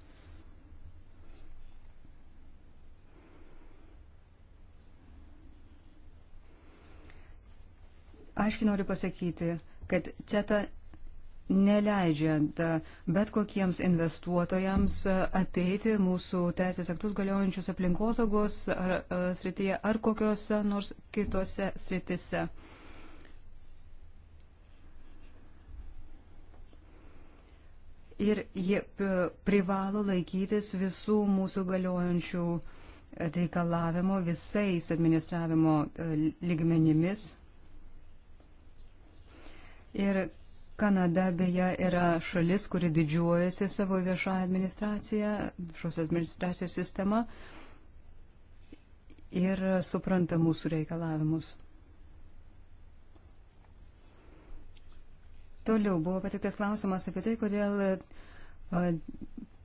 Aiškiai noriu pasakyti, kad CETA neleidžia bet kokiems investuotojams apeiti mūsų teisės aktus galiojančius aplinkosaugos ar, ar, srityje ar kokiuose nors kitose srityse. Ir jie privalo laikytis visų mūsų galiojančių reikalavimo visais administravimo e, lygmenimis Ir Kanada beje yra šalis, kuri didžiuojasi savo viešąją administraciją, šios administracijos sistema ir supranta mūsų reikalavimus. Toliau buvo patiktas klausimas apie tai, kodėl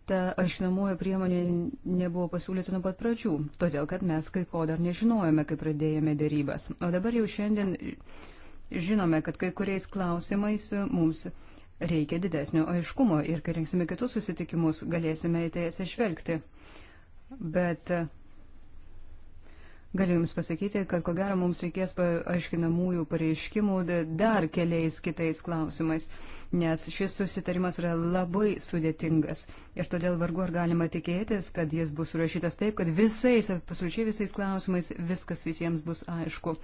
ta aiškinamoji priemonė nebuvo pasiūlyta nuo pat pradžių. Todėl, kad mes kai ko dar nežinojome, kai pradėjome dėrybas. O dabar jau šiandien žinome, kad kai kuriais klausimais mums reikia didesnio aiškumo ir kai rinksime kitus susitikimus, galėsime į tai atsižvelgti. Bet uh, Galiu Jums pasakyti, kad ko gero mums reikės aiškinamųjų pareiškimų dar keliais kitais klausimais, nes šis susitarimas yra labai sudėtingas. Ir todėl vargu ar galima tikėtis, kad jis bus surašytas taip, kad visais, absoliučiai visais klausimais viskas visiems bus aišku.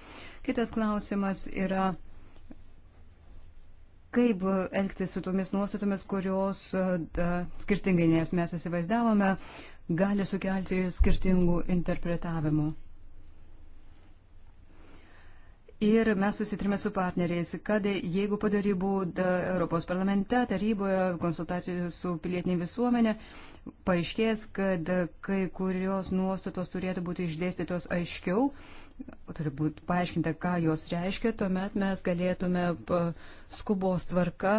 Kitas klausimas yra. Kaip elgtis su tomis nuostatomis, kurios da, skirtingai, nes mes įsivaizdavome, gali sukelti skirtingų interpretavimų. Ir mes susitrime su partneriais, kad jeigu po darybų Europos parlamente, taryboje, konsultacijų su pilietinė visuomenė, paaiškės, kad kai kurios nuostatos turėtų būti išdėstytos aiškiau, turi būti paaiškinta, ką jos reiškia, tuomet mes galėtume skubos tvarka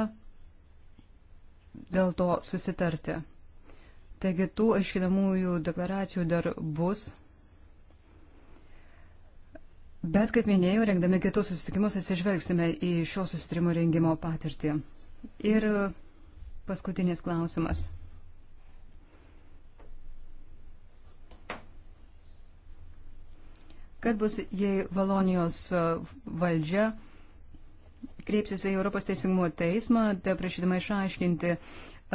dėl to susitarti. Taigi tų aiškinamųjų deklaracijų dar bus Bet, kaip minėjau, rengdami kitus susitikimus atsižvelgsime į šio susitrimo rengimo patirtį. Ir paskutinis klausimas. Kas bus, jei Valonijos valdžia kreipsis į Europos teisingumo teismą, te prašydama išaiškinti,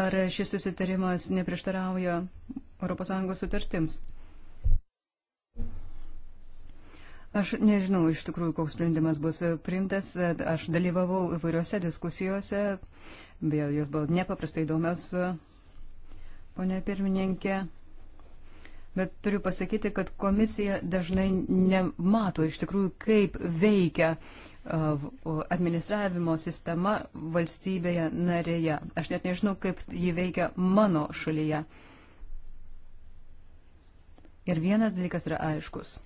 ar šis susitarimas neprieštarauja ES sutartims? Aš nežinau iš tikrųjų, koks sprendimas bus priimtas. Aš dalyvavau įvairiuose diskusijose, beje, jos buvo nepaprastai įdomios, ponė pirmininkė. Bet turiu pasakyti, kad komisija dažnai nemato iš tikrųjų, kaip veikia administravimo sistema valstybėje narėje. Aš net nežinau, kaip ji veikia mano šalyje. Ir vienas dalykas yra aiškus.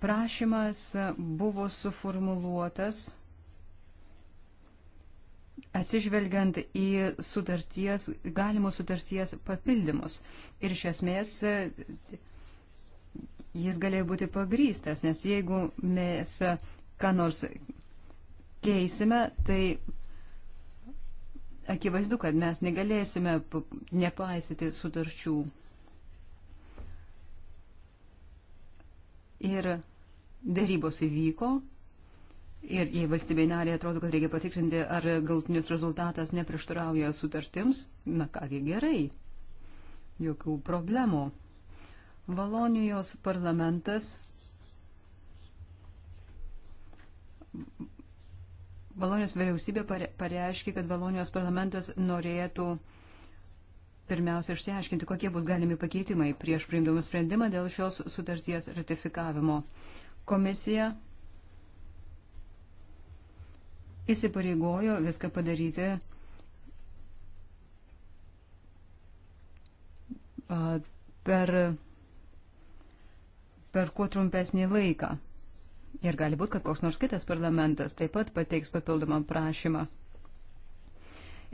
Prašymas buvo suformuluotas atsižvelgiant į sutarties, galimus sutarties papildymus. Ir iš esmės jis galėjo būti pagrystas, nes jeigu mes ką nors keisime, tai akivaizdu, kad mes negalėsime nepaisyti sutarčių. Ir dėrybos įvyko. Ir jei valstybė narė atrodo, kad reikia patikrinti, ar galtinis rezultatas neprieštarauja sutartims, na kągi gerai, jokių problemų. Valonijos parlamentas. Valonijos vyriausybė pareiškia, kad Valonijos parlamentas norėtų uh, pirmiausia išsiaiškinti, kokie bus galimi pakeitimai prieš priimdama sprendimą dėl šios sutarties ratifikavimo. Komisija įsipareigojo viską padaryti per, per kuo trumpesnį laiką. Ir gali būti, kad koks nors kitas parlamentas taip pat pateiks papildomą prašymą.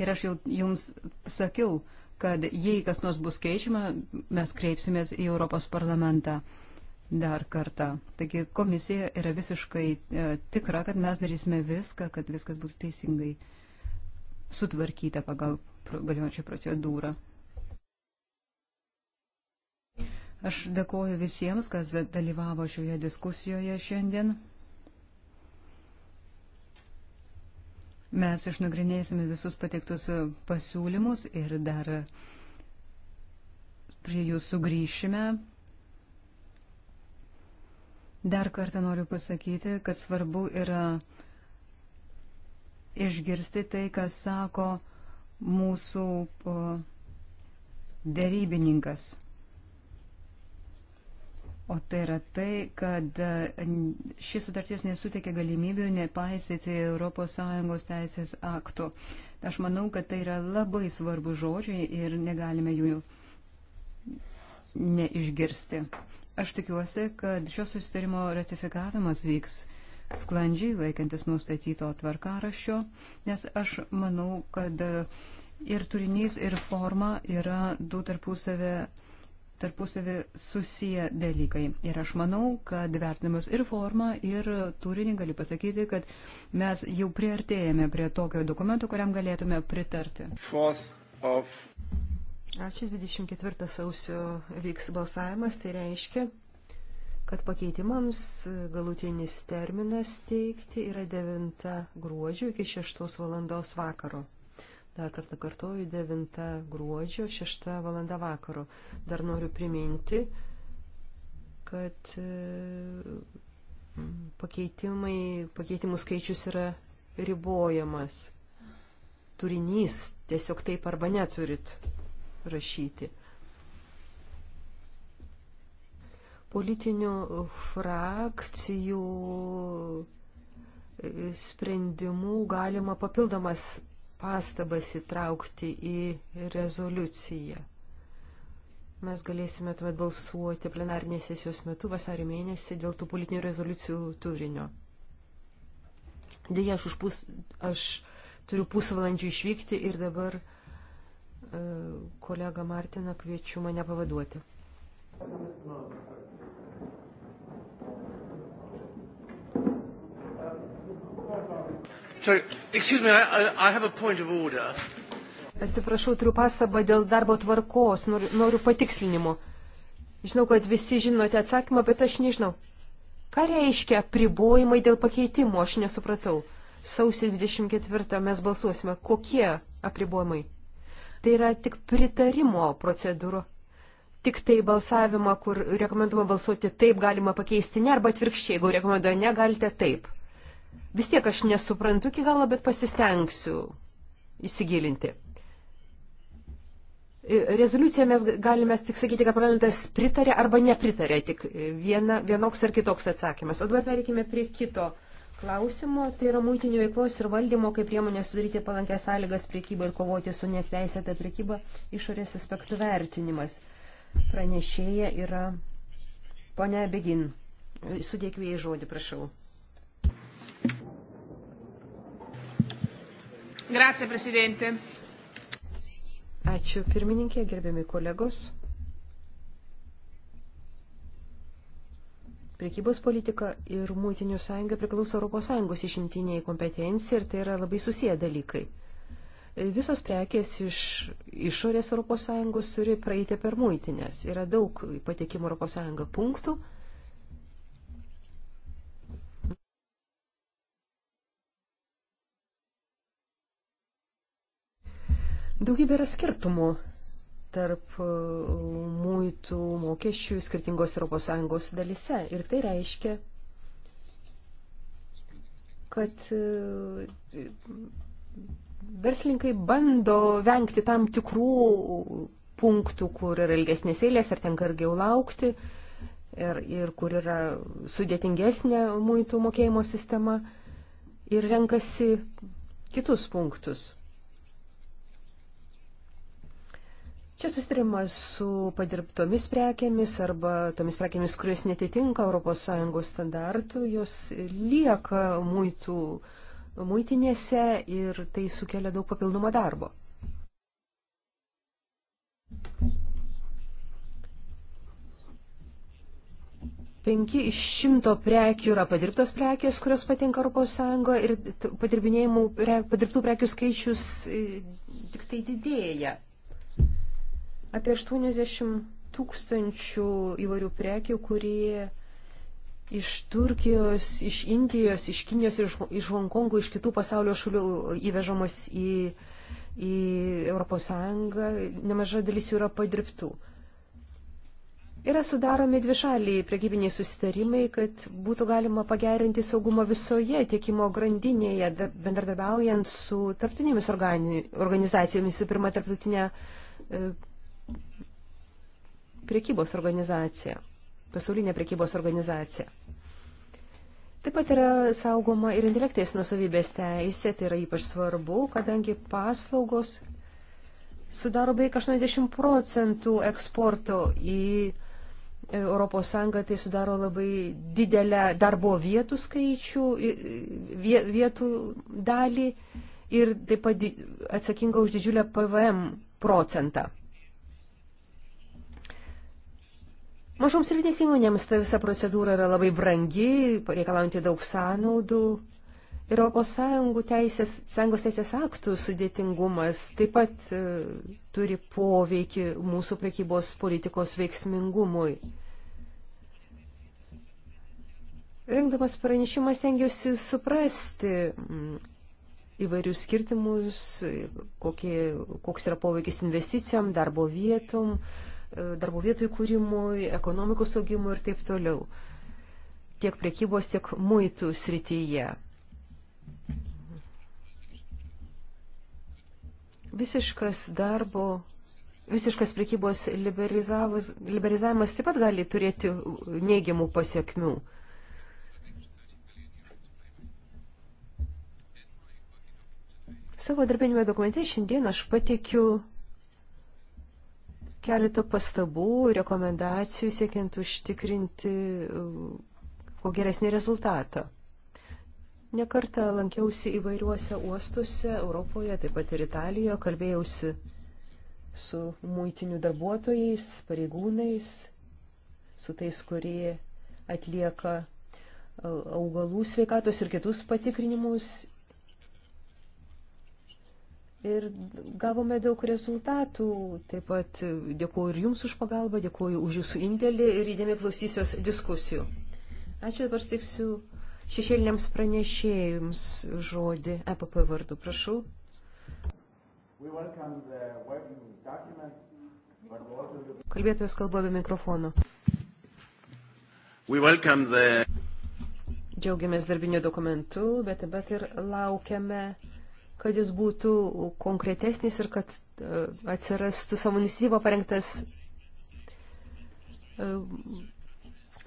Ir aš jau jums sakiau, kad jei kas nors bus keičiama, mes kreipsimės į Europos parlamentą dar kartą. Taigi komisija yra visiškai e, tikra, kad mes darysime viską, kad viskas būtų teisingai sutvarkyta pagal galiojančią procedūrą. Aš dėkoju visiems, kas dalyvavo šioje diskusijoje šiandien. Mes išnagrinėsime visus pateiktus pasiūlymus ir dar prie jų sugrįšime. Dar kartą noriu pasakyti, kad svarbu yra išgirsti tai, kas sako mūsų dėrybininkas. O tai yra tai, kad e, ši sutartis nesuteikia galimybių nepaisyti ES teisės aktų. Aš manau, kad tai yra labai svarbu žodžiai ir negalime jų neišgirsti. Aš tikiuosi, kad šio susitarimo ratifikavimas vyks sklandžiai, laikantis nustatyto tvarkaraščio, nes aš manau, kad e, ir turinys, ir forma yra du tarpusavę tarpusavį susiję dalykai. Ir aš manau, kad vertinimas ir forma, ir turinį gali pasakyti, kad mes jau priartėjame prie tokio dokumento, kuriam galėtume pritarti. Of... Ačiū, 24 sausio vyks balsavimas, tai reiškia, kad pakeitimams galutinis terminas teikti yra 9 gruodžio iki 6 valandos vakaro. Dar kartą kartuoju, 9 gruodžio, 6 valanda vakaro. Dar noriu priminti, kad e, pakeitimai, pakeitimų skaičius yra ribojamas. Turinys tiesiog taip arba neturit rašyti. Politinių frakcijų e, sprendimų galima papildomas pastabas įtraukti į rezoliuciją. Mes galėsime tuomet balsuoti plenarnės sesijos metu vasario mėnesį dėl tų politinių rezoliucijų turinio. Deja, aš, pus, aš turiu pusvalandžių išvykti ir dabar e, kolega Martina kviečiu mane pavaduoti. No. Sorry, excuse me, I, I have a point of order. Atsiprašau, turiu pastabą dėl darbo tvarkos, noriu, noriu patikslinimo. Žinau, kad visi žinote atsakymą, bet aš nežinau. Ką reiškia pribojimai dėl pakeitimų, aš nesupratau. Sausio 24 mes balsuosime. Kokie apribojimai? Tai yra tik pritarimo procedūra. Tik tai balsavimą, kur rekomenduojama balsuoti taip, galima pakeisti ne arba atvirkščiai, jeigu rekomenduoja ne, galite taip. Vis tiek aš nesuprantu iki galo, bet pasistengsiu įsigilinti. E, rezoliuciją mes galime tik sakyti, kad parlamentas pritarė arba nepritarė, tik viena, vienoks ar kitoks atsakymas. O dabar pereikime prie kito klausimo, tai yra mūtinių veiklos ir valdymo, kaip priemonė sudaryti palankias sąlygas priekybą ir kovoti su nesveisėta priekyba, išorės aspektų vertinimas. Pranešėja yra ponia Begin. Sudėkiu jai žodį, prašau. Grazie, Presidente. Ačiū pirmininkė, gerbiami kolegos. Priekybos politika ir mūtinių sąjunga priklauso ES išimtiniai kompetencijai ir tai yra labai susiję dalykai. Visos prekės iš išorės ES turi praeiti per mūtinės. Yra daug patekimų ES punktų Daugybė yra skirtumų tarp e, muitų mokesčių skirtingos ES dalise. Ir tai reiškia, kad e, verslininkai bando vengti tam tikrų punktų, kur yra ilgesnės eilės ar tenka ilgiau laukti ir, ir kur yra sudėtingesnė muitų mokėjimo sistema ir renkasi kitus punktus. Čia susitarimas su padirbtomis prekėmis arba tomis prekėmis, kurios netitinka ES standartų, jos lieka muitų, muitinėse ir tai sukelia daug papildomo darbo. Penki iš šimto prekių yra padirbtos prekės, kurios patinka ES ir padirbtų prekių skaičius e, tik tai didėja apie 80 tūkstančių įvairių prekių, kurie iš Turkijos, iš Indijos, iš Kinijos, iš, iš Hongkongo, iš kitų pasaulio šalių įvežamos į, į ES, nemaža dalis jų yra padirbtų. Yra sudaromi dvišaliai priekybiniai susitarimai, kad būtų galima pagerinti saugumą visoje tiekimo grandinėje, bendradarbiaujant su tarptautinėmis organizacijomis, visų pirma, tarptautinė e, priekybos organizacija, pasaulinė priekybos organizacija. Taip pat yra saugoma ir intelektinės nusavybės teisė, tai yra ypač svarbu, kadangi paslaugos sudaro beveik 80 procentų eksporto į ES, tai sudaro labai didelę darbo vietų skaičių, vietų dalį ir taip pat atsakinga už didžiulę PVM procentą. Mažoms ir ties įmonėms ta visa procedūra yra labai brangi, reikalaujanti daug sąnaudų. Europos Sąjungų teisės, Sąjungos teisės aktų sudėtingumas taip pat e, turi poveikį mūsų prekybos politikos veiksmingumui. Rengdamas pranešimą stengiausi suprasti įvairius skirtimus, kokie, koks yra poveikis investicijom, darbo vietom, e, E, darbo vietų įkūrimui, ekonomikos augimui ir taip toliau. Tiek priekybos, tiek muitų srityje. Visiškas darbo visiškas prekybos liberalizavimas taip pat gali turėti neigiamų pasiekmių. Savo darbinėme dokumente šiandien aš pateikiu keletą pastabų, rekomendacijų siekiant užtikrinti uh, kuo geresnį rezultatą. Nekartą lankiausi įvairiuose uostuose Europoje, taip pat ir Italijoje, kalbėjausi su muitinių darbuotojais, pareigūnais, su tais, kurie atlieka uh, augalų sveikatos ir kitus patikrinimus Ir gavome daug rezultatų. Taip pat dėkuoju ir Jums už pagalbą, dėkuoju už Jūsų indėlį ir įdėmė klausysios diskusijų. Ačiū dabar steiksiu šešėliniams pranešėjams žodį. EPP vardu, prašau. Kalbėtojas kalba be mikrofono. The... Džiaugiamės darbinio dokumentu, bet taip pat ir laukiame kad jis būtų konkretesnis ir kad e, atsirastų savo iniciatyvą parengtas e,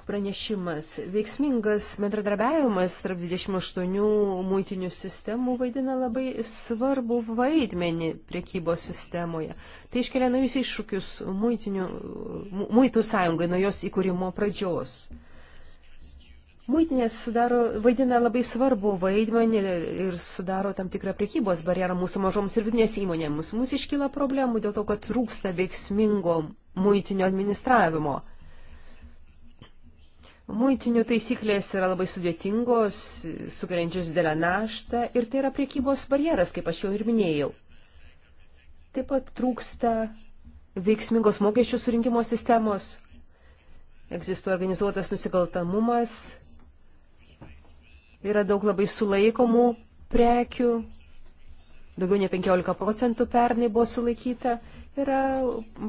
pranešimas. Veiksmingas bendradarbiavimas tarp 28 muitinių sistemų vaidina labai svarbu vaidmenį priekybos sistemoje. Tai iškelia naujus iššūkius muitinių, muitų sąjungai nuo jos įkūrimo pradžios. Muitinės sudaro, vaidina labai svarbu vaidmenį ir sudaro tam tikrą prekybos barjerą mūsų mažoms ir vidinės įmonėms. Mums iškyla problemų dėl to, kad trūksta veiksmingo muitinio administravimo. Muitinių taisyklės yra labai sudėtingos, sukeliančios didelę naštą ir tai yra priekybos barjeras, kaip aš jau ir minėjau. Taip pat trūksta veiksmingos mokesčių surinkimo sistemos, egzistuoja organizuotas nusikaltamumas, Yra daug labai sulaikomų prekių, daugiau nei 15 procentų pernai buvo sulaikyta, yra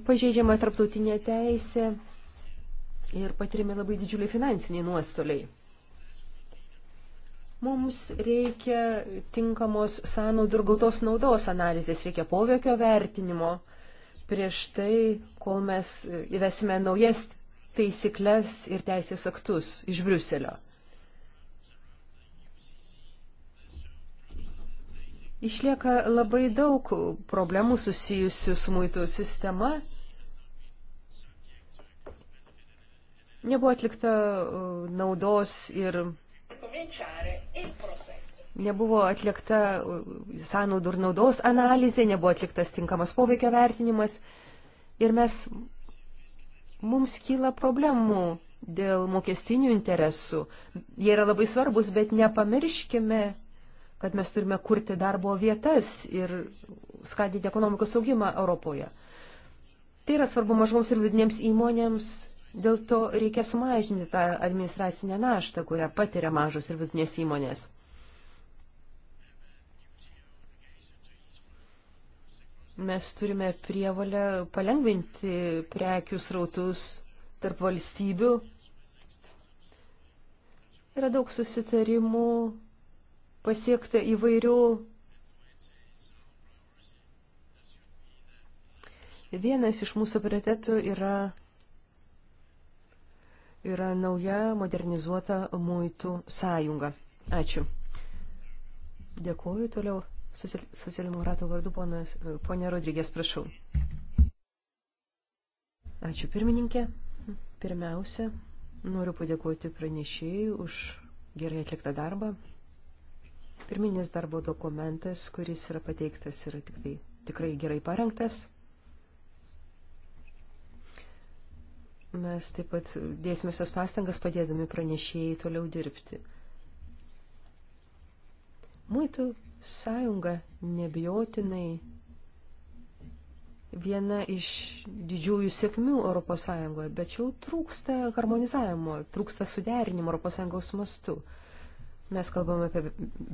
pažeidžiama tarptautinė teisė ir patirime labai didžiuliai finansiniai nuostoliai. Mums reikia tinkamos sąnaudų ir gautos naudos analizės, reikia poveikio vertinimo prieš tai, kol mes įvesime naujas taisyklės ir teisės aktus iš Briuselio. Išlieka labai daug problemų susijusių su muitų sistema. Nebuvo atlikta naudos ir nebuvo atlikta sąnaudų ir naudos analizė, nebuvo atliktas tinkamas poveikio vertinimas ir mes, mums kyla problemų dėl mokestinių interesų. Jie yra labai svarbus, bet nepamirškime kad mes turime kurti darbo vietas ir skatinti ekonomikos augimą Europoje. Tai yra svarbu mažoms ir vidinėms įmonėms, dėl to reikia sumažinti tą administracinę naštą, kurią patiria mažos ir vidutinės įmonės. Mes turime prievalę palengvinti prekių srautus tarp valstybių. Yra daug susitarimų pasiekta įvairių. Vienas iš mūsų prioritetų yra, yra nauja modernizuota muitų sąjunga. Ačiū. Dėkuoju toliau. Socialdemokratų vardu ponas, ponė Rodrygės, prašau. Ačiū pirmininkė. Pirmiausia, noriu padėkoti pranešėjai už gerai atliktą darbą. Pirminis darbo dokumentas, kuris yra pateiktas, yra tik tai tikrai gerai parengtas. Mes taip pat dėsime visas pastangas padėdami pranešėjai toliau dirbti. Muitų sąjunga nebijotinai viena iš didžiųjų sėkmių ES, bet jau trūksta harmonizavimo, trūksta suderinimo ES mastu. Mes kalbame apie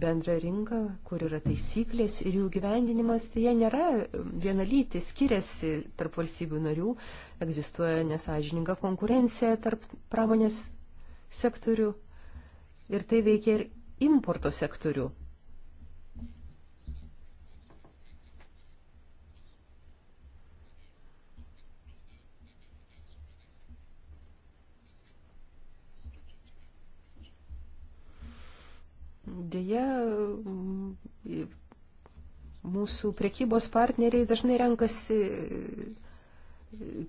bendrą rinką, kur yra taisyklės ir jų gyvendinimas, tai jie nėra vienalyti, skiriasi tarp valstybių narių, egzistuoja nesažininga konkurencija tarp pramonės sektorių ir tai veikia ir importo sektorių. Deja, mūsų prekybos partneriai dažnai renkasi e,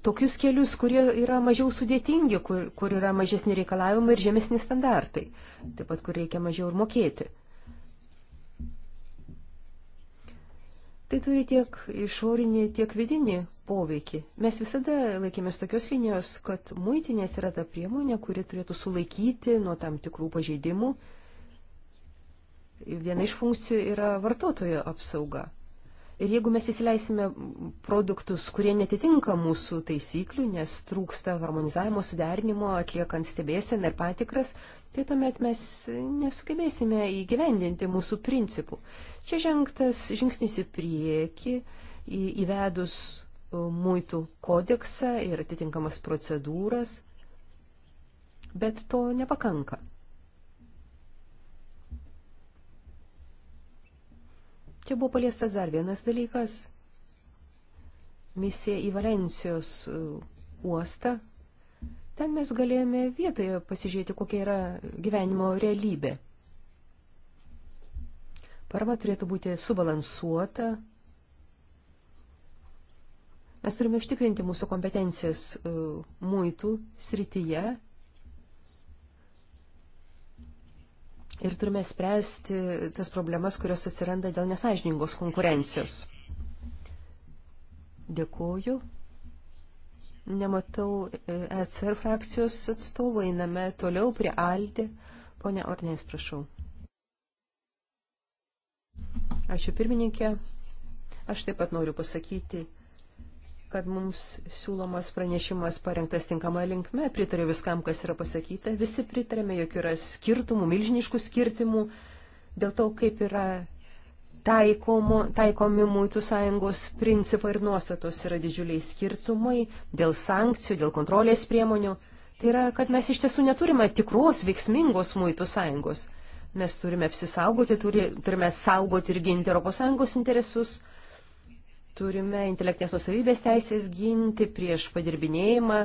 tokius kelius, kurie yra mažiau sudėtingi, kur, kur yra mažesni reikalavimai ir žemesni standartai, taip pat kur reikia mažiau ir mokėti. Tai turi tiek išorinį, tiek vidinį poveikį. Mes visada laikėmės tokios linijos, kad muitinės yra ta priemonė, kuri turėtų sulaikyti nuo tam tikrų pažeidimų Viena iš funkcijų yra vartotojo apsauga. Ir jeigu mes įsileisime produktus, kurie netitinka mūsų taisyklių, nes trūksta harmonizavimo, suderinimo, atliekant stebėseną ir patikras, tai tuomet mes nesugebėsime įgyvendinti mūsų principų. Čia žengtas žingsnis į priekį, įvedus e, muitų kodeksą ir atitinkamas procedūras, bet to nepakanka. Čia buvo paliestas dar vienas dalykas. Misija į Valencijos uh, uostą. Ten mes galėjome vietoje pasižiūrėti, kokia yra gyvenimo realybė. Parama turėtų būti subalansuota. Mes turime užtikrinti mūsų kompetencijas uh, muitų srityje ir turime spręsti tas problemas, kurios atsiranda dėl nesažiningos konkurencijos. Dėkuoju. Nematau ECR e frakcijos atstovų, einame toliau prie Aldi. Pone Ornės, prašau. Ačiū pirmininkė. Aš taip pat noriu pasakyti, kad mums siūlomas pranešimas parengtas tinkama linkme, pritariu viskam, kas yra pasakyta, visi pritarėme, jog yra skirtumų, milžiniškų skirtimų dėl to, kaip yra taikomo, taikomi muitų sąjungos principai ir nuostatos yra didžiuliai skirtumai dėl sankcijų, dėl kontrolės priemonių. Tai yra, kad mes iš tiesų neturime tikros veiksmingos muitų sąjungos. Mes turime apsisaugoti, turi, turime saugoti ir ginti ES interesus, Turime intelektinės nusavybės teisės ginti prieš padirbinėjimą,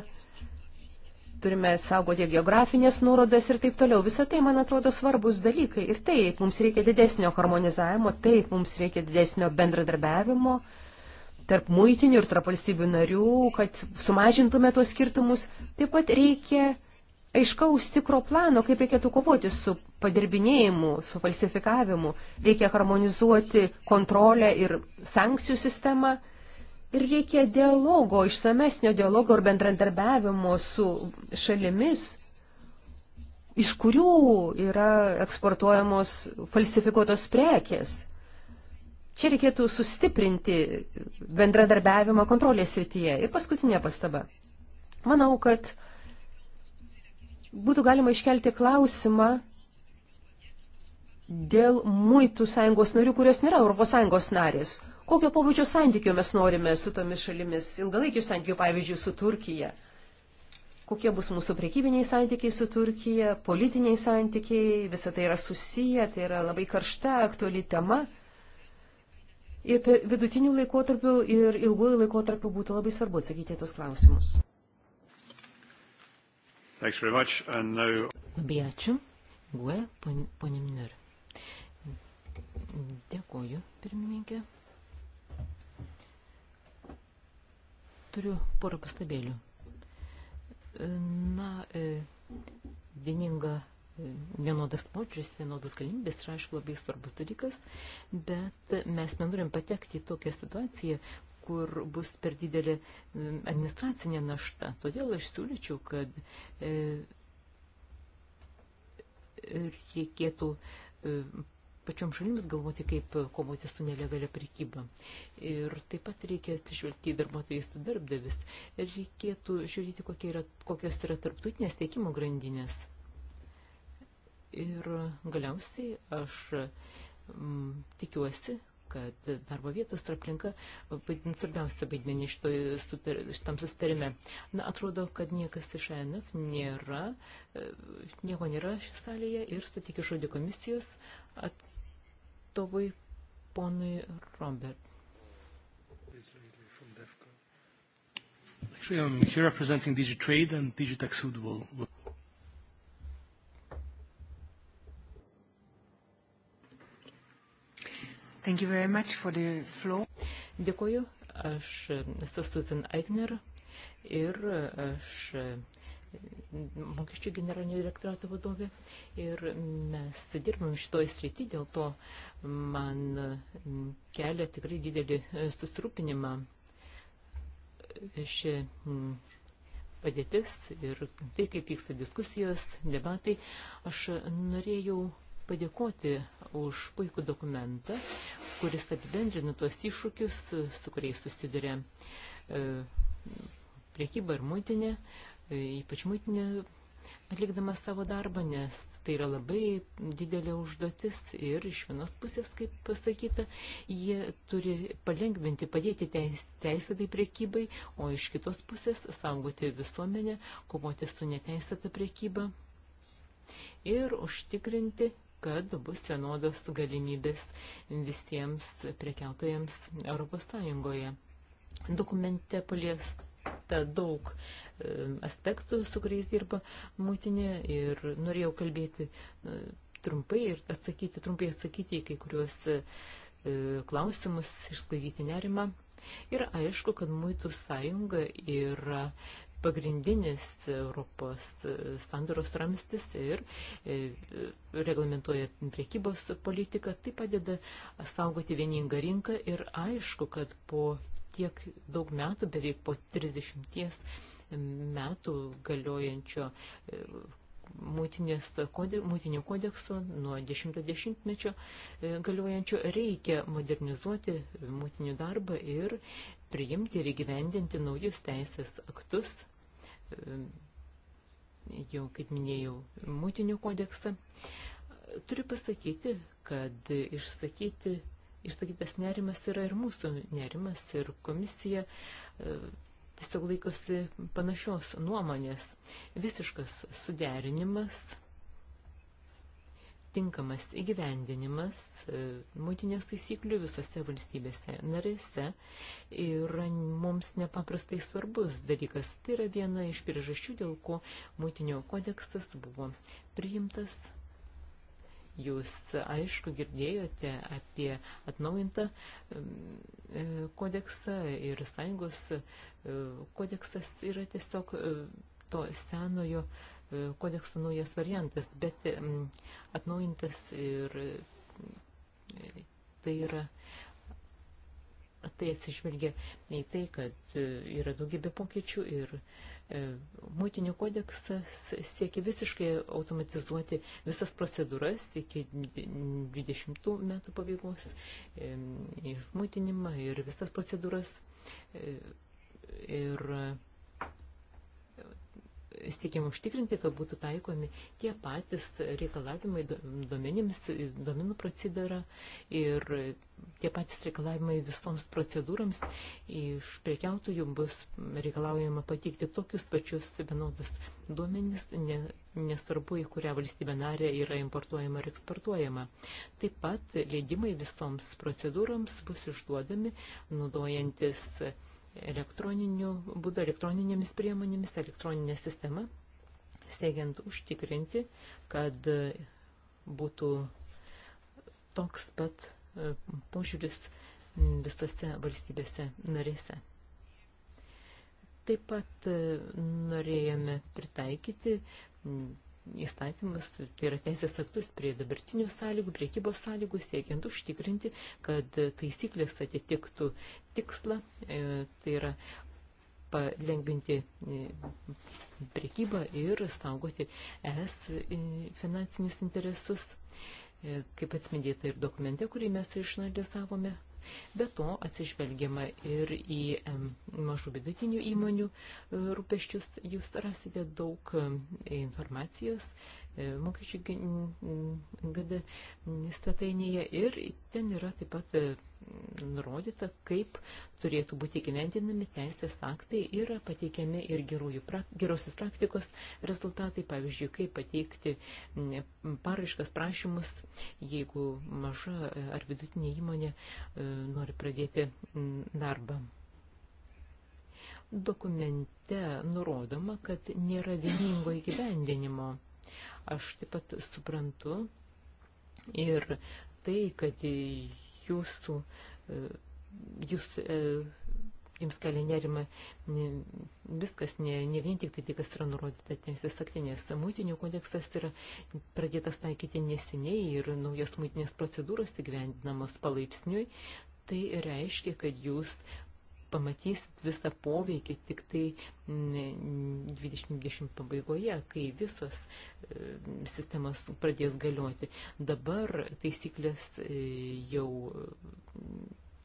turime saugoti geografinės nuorodas ir taip toliau. Visą tai, man atrodo, svarbus dalykai. Ir taip, mums reikia didesnio harmonizavimo, taip, mums reikia didesnio bendradarbiavimo tarp muitinių ir tarp valstybių narių, kad sumažintume tuos skirtumus. Taip pat reikia aiškaus tikro plano, kaip reikėtų kovoti su padirbinėjimu, su falsifikavimu. Reikia harmonizuoti kontrolę ir sankcijų sistemą. Ir reikia dialogo, išsamesnio dialogo ir bendradarbiavimo su šalimis, iš kurių yra eksportuojamos falsifikuotos prekės. Čia reikėtų sustiprinti bendradarbiavimą kontrolės srityje. Ir paskutinė pastaba. Manau, kad uh, būtų galima iškelti klausimą dėl muitų sąjungos narių, kurios nėra ES narės. Kokio pobūdžio santykių mes norime su tomis šalimis, ilgalaikių santykių, pavyzdžiui, su Turkija. Kokie bus mūsų prekybiniai santykiai su Turkija, politiniai santykiai, visa tai yra susiję, tai yra labai karšta, aktuali tema. Ir per vidutinių laikotarpių ir ilgųjų laikotarpių būtų labai svarbu atsakyti į tos klausimus. Now... Labai ačiū. Gue, ponė Miner. Dėkoju, pirmininkė. Turiu porą pastabėlių. Na, e, vieninga e, vienodas požiūris, vienodas galimybės yra, aišku, labai svarbus dalykas, bet mes nenorim patekti į tokią situaciją, kur bus per didelė administracinė našta. Todėl aš siūlyčiau, kad e, reikėtų e, pačiom šalims galvoti, kaip kovoti su nelegalia prekyba. Ir taip pat reikia atsižvelgti į darbuotojus ir darbdavis. Ir reikėtų žiūrėti, kokie yra, kokios yra tarptautinės tiekimo grandinės. Ir galiausiai aš m, tikiuosi, kad darbo vietos ir aplinka vaidins svarbiausią vaidmenį šitam susitarime. Na, atrodo, kad niekas iš ANF nėra, e, nieko nėra šis salėje ir sutikiu žodį komisijos atstovui ponui Robert. Actually, I'm here representing DigiTrade and DigiTaxud will. Thank you very much for the floor. Dėkuoju, aš esu Susan Eigner ir aš e, mokesčių generalinio direktorato vadovė ir mes dirbam šitoj srity, dėl to man e, kelia tikrai didelį e, susirūpinimą ši padėtis ir tai, kaip vyksta diskusijos, debatai. Aš norėjau padėkoti už puikų dokumentą, kuris apibendrina tuos iššūkius, su kuriais susiduria e, priekyba ir muitinė, e, ypač muitinė atlikdamas savo darbą, nes tai yra labai didelė užduotis ir iš vienos pusės, kaip pasakyta, jie turi palengventi, padėti teis, teisėtai priekybai, o iš kitos pusės saugoti visuomenę, kovoti su neteisėta priekyba ir užtikrinti kad bus vienodos galimybės visiems prekiautojams Europos Sąjungoje. Dokumente paliesta ta daug e, aspektų, su kuriais dirba mūtinė ir norėjau kalbėti e, trumpai ir atsakyti, trumpai atsakyti į kai kuriuos e, klausimus, išsklaidyti nerimą. Ir aišku, kad Muitų sąjunga yra pagrindinis Europos sandaros ramstis ir e, reglamentuoja priekybos politiką, tai padeda saugoti vieningą rinką ir aišku, kad po tiek daug metų, beveik po 30 metų galiojančio e, mūtinio kodekso nuo 10-mečio e, galiojančio reikia modernizuoti mūtinių darbą ir priimti ir įgyvendinti naujus teisės aktus, e, jau kaip minėjau, mūtinių kodeksą. Turiu pasakyti, kad išsakyti išsakytas nerimas yra ir mūsų nerimas, ir komisija e, tiesiog laikosi panašios nuomonės. Visiškas suderinimas, tinkamas įgyvendinimas e, muitinės taisyklių visose valstybėse narėse yra mums nepaprastai svarbus dalykas. Tai yra viena iš priežasčių, dėl ko muitinio kodeksas buvo priimtas Jūs aišku girdėjote apie atnaujintą e, kodeksą ir sąjungos e, kodeksas yra tiesiog e, to senojo kodekso naujas variantas, bet atnaujintas ir tai yra tai atsižvelgia į tai, kad yra daugybė pokyčių ir e, E, Mūtinių kodeksas siekia visiškai automatizuoti visas procedūras iki 20 metų pabaigos, e, išmūtinimą ir visas procedūras. E, ir siekiam užtikrinti, kad būtų taikomi tie patys reikalavimai duomenims, duomenų procedūra ir tie patys reikalavimai visoms procedūrams. Iš prekiautojų bus reikalaujama pateikti tokius pačius vienodus duomenis, ne, nesvarbu, į kurią valstybę narę yra importuojama ar eksportuojama. Taip pat leidimai visoms procedūrams bus išduodami, naudojantis elektroniniu būdu, elektroninėmis priemonėmis, elektroninė sistema, steigiant užtikrinti, kad būtų toks pat e, požiūris visose valstybėse narėse. Taip pat e, norėjome pritaikyti įstatymus, tai yra teisės aktus prie dabartinių sąlygų, priekybos sąlygų, siekiant užtikrinti, kad taisyklės atitiktų tikslą, e, tai yra palengvinti e, priekybą ir saugoti es e, finansinius interesus, kaip atspindėta ir dokumente, kurį mes išanalizavome, Be to atsižvelgiama ir į mažų vidutinių įmonių e, rūpeščius. Jūs rasite daug e, informacijos E, mokesčių GD svetainėje ir ten yra taip pat e, nurodyta, kaip turėtų būti gyventinami teisės aktai ir pateikiami ir gerųjų, gerosios praktikos rezultatai, pavyzdžiui, kaip pateikti paraiškas prašymus, jeigu maža e, ar vidutinė įmonė nori pradėti darbą dokumente nurodoma, kad nėra vieningo įgyvendinimo. Aš taip pat suprantu ir tai, kad jūsų, e, jūs, e, jums kelia nerima viskas, ne, ne vien tik tai, tai kas yra nurodyta teisės aktinės. Mūtinių kodeksas yra pradėtas taikyti neseniai ir naujas mūtinės procedūros įgyvendinamos palaipsniui. Tai reiškia, kad jūs pamatysit visą poveikį tik tai 2020 pabaigoje, kai visos e, sistemos pradės galioti. Dabar taisyklės e, jau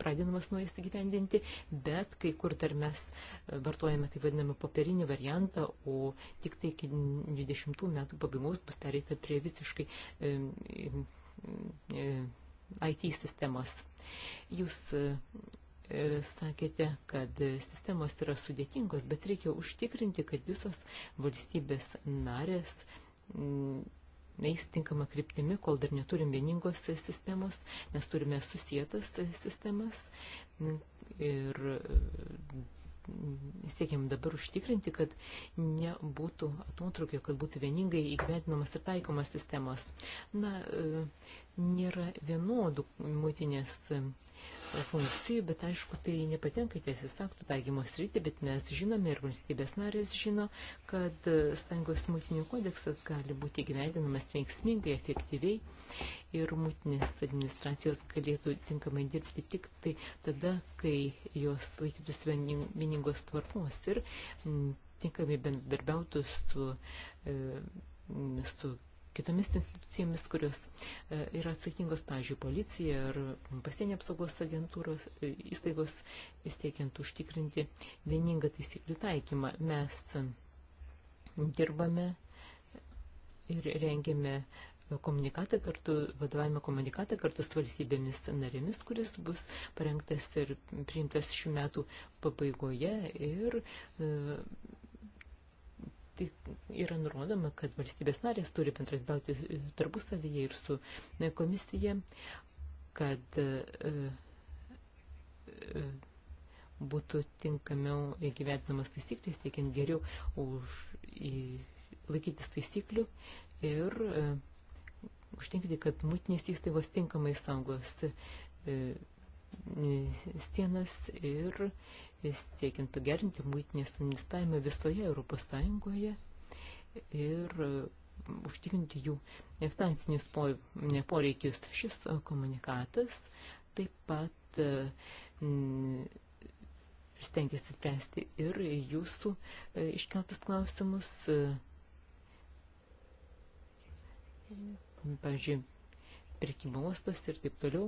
pradedamas nuo įsigyvendinti, bet kai kur dar mes e, vartojame tai vadinamą popierinį variantą, o tik tai iki 20 metų pabaigos bus pereita prie visiškai e, e, IT sistemos. Jūs sakėte, kad sistemos yra sudėtingos, bet reikia užtikrinti, kad visos valstybės narės neįs mm, tinkama kryptimi, kol dar neturim vieningos sistemos, mes turime susietas sistemas ir mm, siekiam dabar užtikrinti, kad nebūtų atotrukio, kad būtų vieningai įgyvendinamas ir taikomas sistemos. Na, e, nėra vienodų muitinės funkcijų, bet aišku, tai nepatenka į teisės aktų taikymo sritį, bet mes žinome ir valstybės narės žino, kad Sąjungos mūtinių kodeksas gali būti gyvendinamas veiksmingai, efektyviai ir mūtinės administracijos galėtų tinkamai dirbti tik tai tada, kai jos laikytųsi vieningos tvarkos ir tinkamai bendarbiautų su, e, su kitomis institucijomis, kurios e, yra atsakingos, pavyzdžiui, policija ar pasienio apsaugos agentūros e, įstaigos, siekiant užtikrinti vieningą taisyklių taikymą. Mes dirbame ir rengiame komunikatą kartu, vadovavimo komunikatą kartu su valstybėmis narėmis, kuris bus parengtas ir priimtas šių metų pabaigoje ir e, tai yra nurodoma, kad valstybės narės turi bendradarbiauti tarpusavyje ir su e, komisija, kad e, e, būtų tinkamiau įgyvendinamas taisyklės, tiekiant geriau už į, laikytis taisyklių ir e, užtinkti, kad mutinės įstaigos tinkamai saugos e, sienas ir siekiant pagerinti muitinės administravimą visoje Europos Sąjungoje ir e, užtikrinti jų finansinius poreikius. Šis komunikatas taip pat e, stengiasi spręsti ir jūsų e, iškeltus klausimus. Pavyzdžiui, pirkimo uostus ir taip toliau.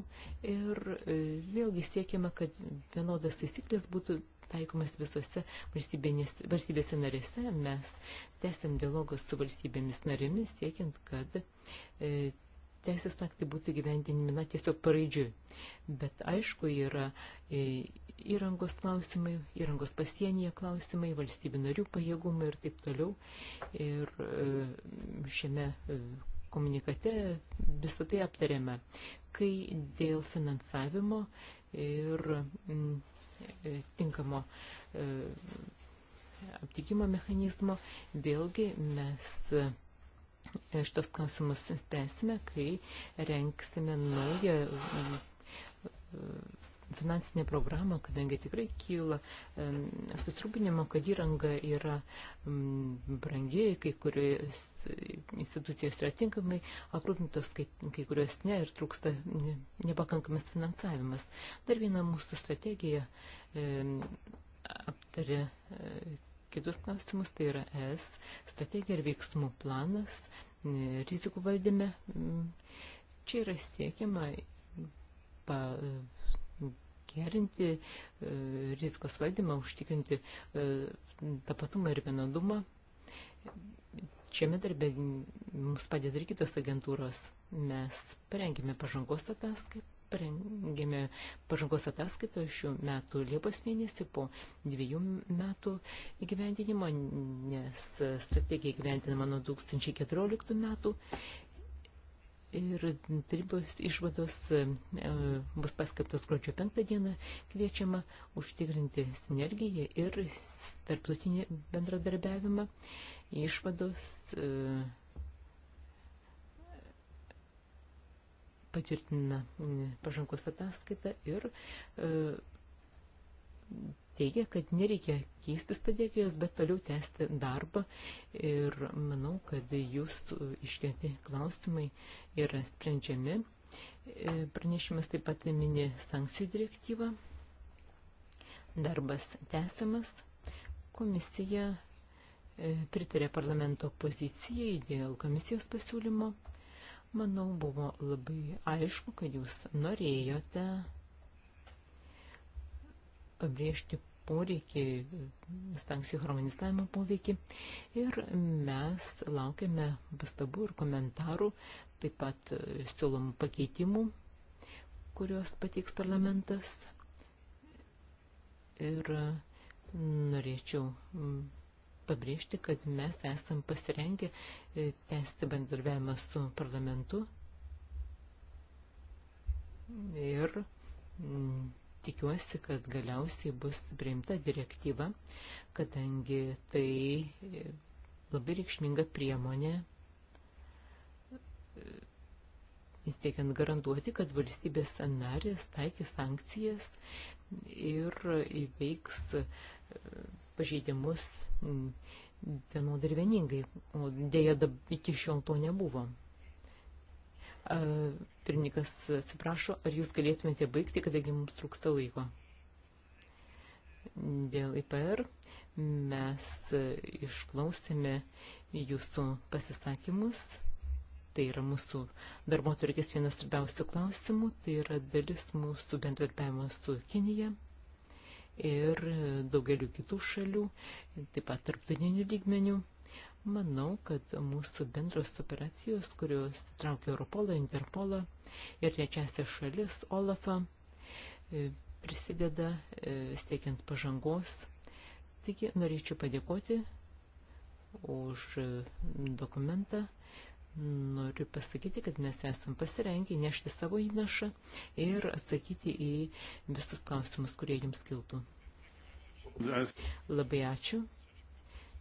Ir e, vėlgi siekiama, kad vienodas taisyklės būtų taikomas visose valstybėse narėse. Mes tęsiam dialogus su valstybėmis narėmis, siekiant, kad e, teisės aktai būtų gyvendinami, na, tiesiog paraidžiui. Bet aišku, yra e, įrangos klausimai, įrangos pasienyje klausimai, valstybių narių pajėgumai ir taip toliau. Ir e, šiame e, komunikate visą tai aptarėme. Kai dėl finansavimo ir mm, e, tinkamo e, aptikimo mechanizmo, vėlgi mes e, šitos klausimus spręsime, kai renksime naują mm, finansinę programą, kadangi tikrai kyla susirūpinimo, kad įranga yra brangiai, kai kurios institucijos yra tinkamai aprūpintos, kai, kai kurios ne ir trūksta nepakankamas finansavimas. Dar viena mūsų strategija aptarė e, kitus klausimus, tai yra ES strategija ir veiksmų planas e, rizikų valdyme. Čia yra siekiama pa, gerinti e, rizikos valdymą, užtikrinti e, tapatumą ir vienodumą. Šiame darbe mums padeda ir kitos agentūros. Mes parengėme pažangos ataskaitą, parengėme pažangos ataskaitą šių metų Liepos mėnesį po dviejų metų įgyvendinimo, nes strategija įgyvendinama nuo 2014 metų ir tarybos išvados e, bus paskaptos gruodžio 5 dieną kviečiama užtikrinti sinergiją ir tarptautinį bendradarbiavimą. Išvados e, patvirtina e, pažangos ataskaitą ir teigia, kad nereikia keisti strategijos, bet toliau tęsti darbą. Ir manau, kad jūs e, iškelti klausimai yra sprendžiami. E, pranešimas taip pat mini sankcijų direktyvą. Darbas tęsiamas. Komisija e, pritarė parlamento pozicijai dėl komisijos pasiūlymo. Manau, buvo labai aišku, kad jūs norėjote pabrėžti poreikį, sankcijų harmonizavimo poveikį. Ir mes laukiame pastabų ir komentarų, taip pat e, siūlomų pakeitimų, kuriuos pateiks parlamentas. Ir e, norėčiau pabrėžti, kad mes esam pasirengę e, tęsti bendradarbiavimą su parlamentu ir tikiuosi, kad galiausiai bus priimta direktyva, kadangi tai e, labai reikšminga priemonė e, siekiant garantuoti, kad valstybės narės taikys sankcijas ir įveiks e, pažeidimus vienodai ir vieningai, o dėja iki šiol to nebuvo. Pirmininkas atsiprašo, ar jūs galėtumėte baigti, kadangi mums trūksta laiko. Dėl IPR mes išklausėme jūsų pasisakymus. Tai yra mūsų darbo turkės vienas svarbiausių klausimų, tai yra dalis mūsų bendradarbiavimo su Kinija ir daugeliu kitų šalių, taip pat tarptautinių lygmenių Manau, kad mūsų bendros operacijos, kurios traukia Europolą, Interpolą ir trečiasią šalis, Olafą, e, prisideda e, steikiant pažangos. Taigi norėčiau padėkoti už dokumentą. Noriu pasakyti, kad mes esam pasirengę nešti savo įnašą ir atsakyti į visus klausimus, kurie jums kiltų. Labai ačiū.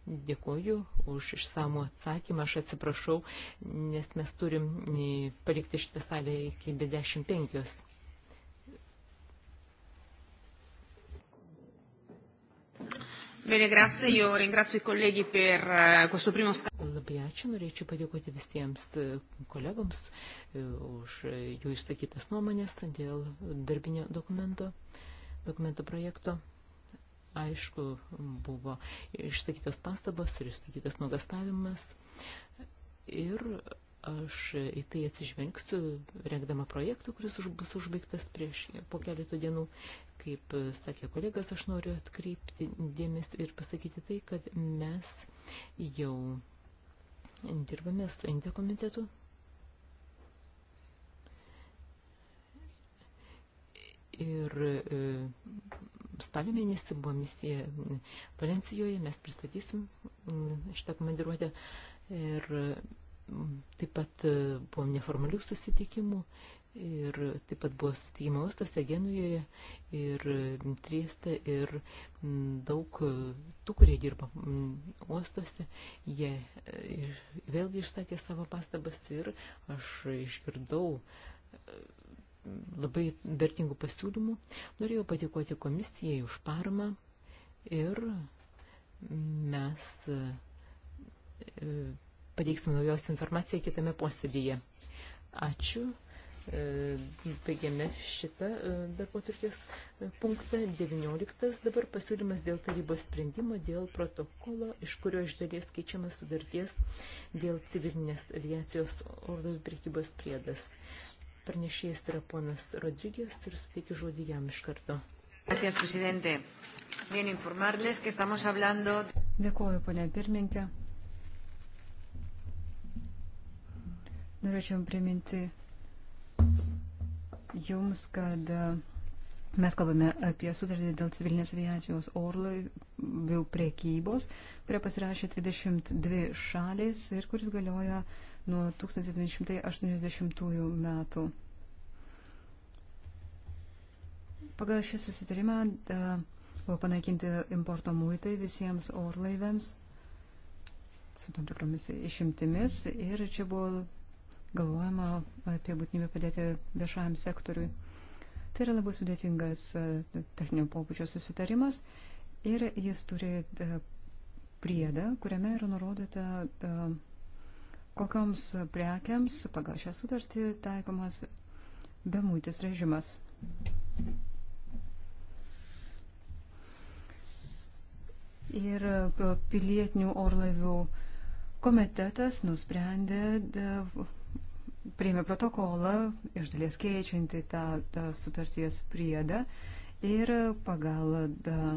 Dėkuoju už išsamų atsakymą. Aš atsiprašau, nes mes turim palikti šitą salę iki 25. Bene, grazie, io ringrazio i colleghi per eh, questo primo Labai ačiū, norėčiau padėkoti visiems eh, kolegoms eh, už jų išsakytas nuomonės dėl darbinio dokumento, dokumento projekto aišku, buvo išsakytas pastabas ir išsakytas nuogastavimas. Ir aš į tai atsižvengsiu, rengdama projektą, kuris bus užbaigtas prieš po keletų dienų. Kaip sakė kolegas, aš noriu atkreipti dėmesį ir pasakyti tai, kad mes jau dirbame su Indė komitetu. Ir e, spalio mėnesį tai buvo misija Valencijoje, mes pristatysim mm, šitą komandiruotę ir mm, taip pat e, buvo neformalių susitikimų ir taip pat buvo susitikimo uostose Genujoje ir mm, Trieste ir daug e, tų, kurie dirba uostose, jie e, vėlgi išsakė savo pastabas ir aš išgirdau labai vertingų pasiūlymų. Norėjau patikoti komisijai už paramą ir mes e, pateiksime naujos informaciją kitame posėdėje. Ačiū. E, Baigėme šitą e, darbo turkės punktą. 19. Dabar pasiūlymas dėl tarybos sprendimo, dėl protokolo, iš kurio iš dalies keičiamas sudarties dėl civilinės aviacijos ordos prekybos priedas. Pranešėjas yra ponas Rodrygės ir suteikiu žodį jam iš karto. Gracias, presidente. Bien informarles que estamos hablando. Dėkuoju, ponia pirmininkė. Norėčiau priminti jums, kad Mes kalbame apie sutartį dėl civilinės aviacijos orlaivių priekybos, kurią pasirašė 22 šalis ir kuris galioja nuo 1980 metų. Pagal šį susitarimą buvo panaikinti importo muitai visiems orlaiviams su tam tikromis išimtimis ir čia buvo galvojama apie būtinybę padėti viešajam sektoriui. Tai yra labai sudėtingas e, techninio pobūdžio susitarimas ir jis turi e, priedą, kuriame yra nurodyta, e, kokiams prekiams pagal šią sutartį taikomas bemūtis režimas. Ir pilietinių orlaivių komitetas nusprendė priėmė protokolą, iš dalies keičianti tą, tą sutarties priedą ir pagal da,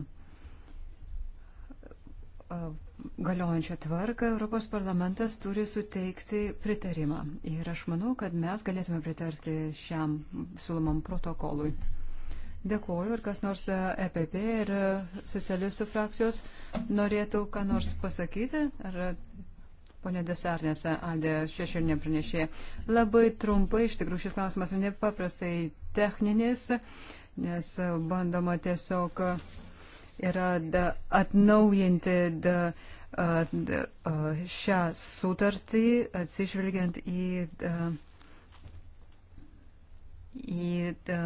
galiojančią tvarką Europos parlamentas turi suteikti pritarimą. Ir aš manau, kad mes galėtume pritarti šiam siūlomam protokolui. Dėkuoju, ar kas nors EPP ir socialistų frakcijos norėtų ką nors pasakyti? Ar Pone Desarnės, Aldė Šešernė pranešė. Labai trumpai, iš tikrųjų šis klausimas nepaprastai techninis, nes bandoma tiesiog yra da, atnaujinti da, da, šią sutartį atsižvelgiant į, da, į da,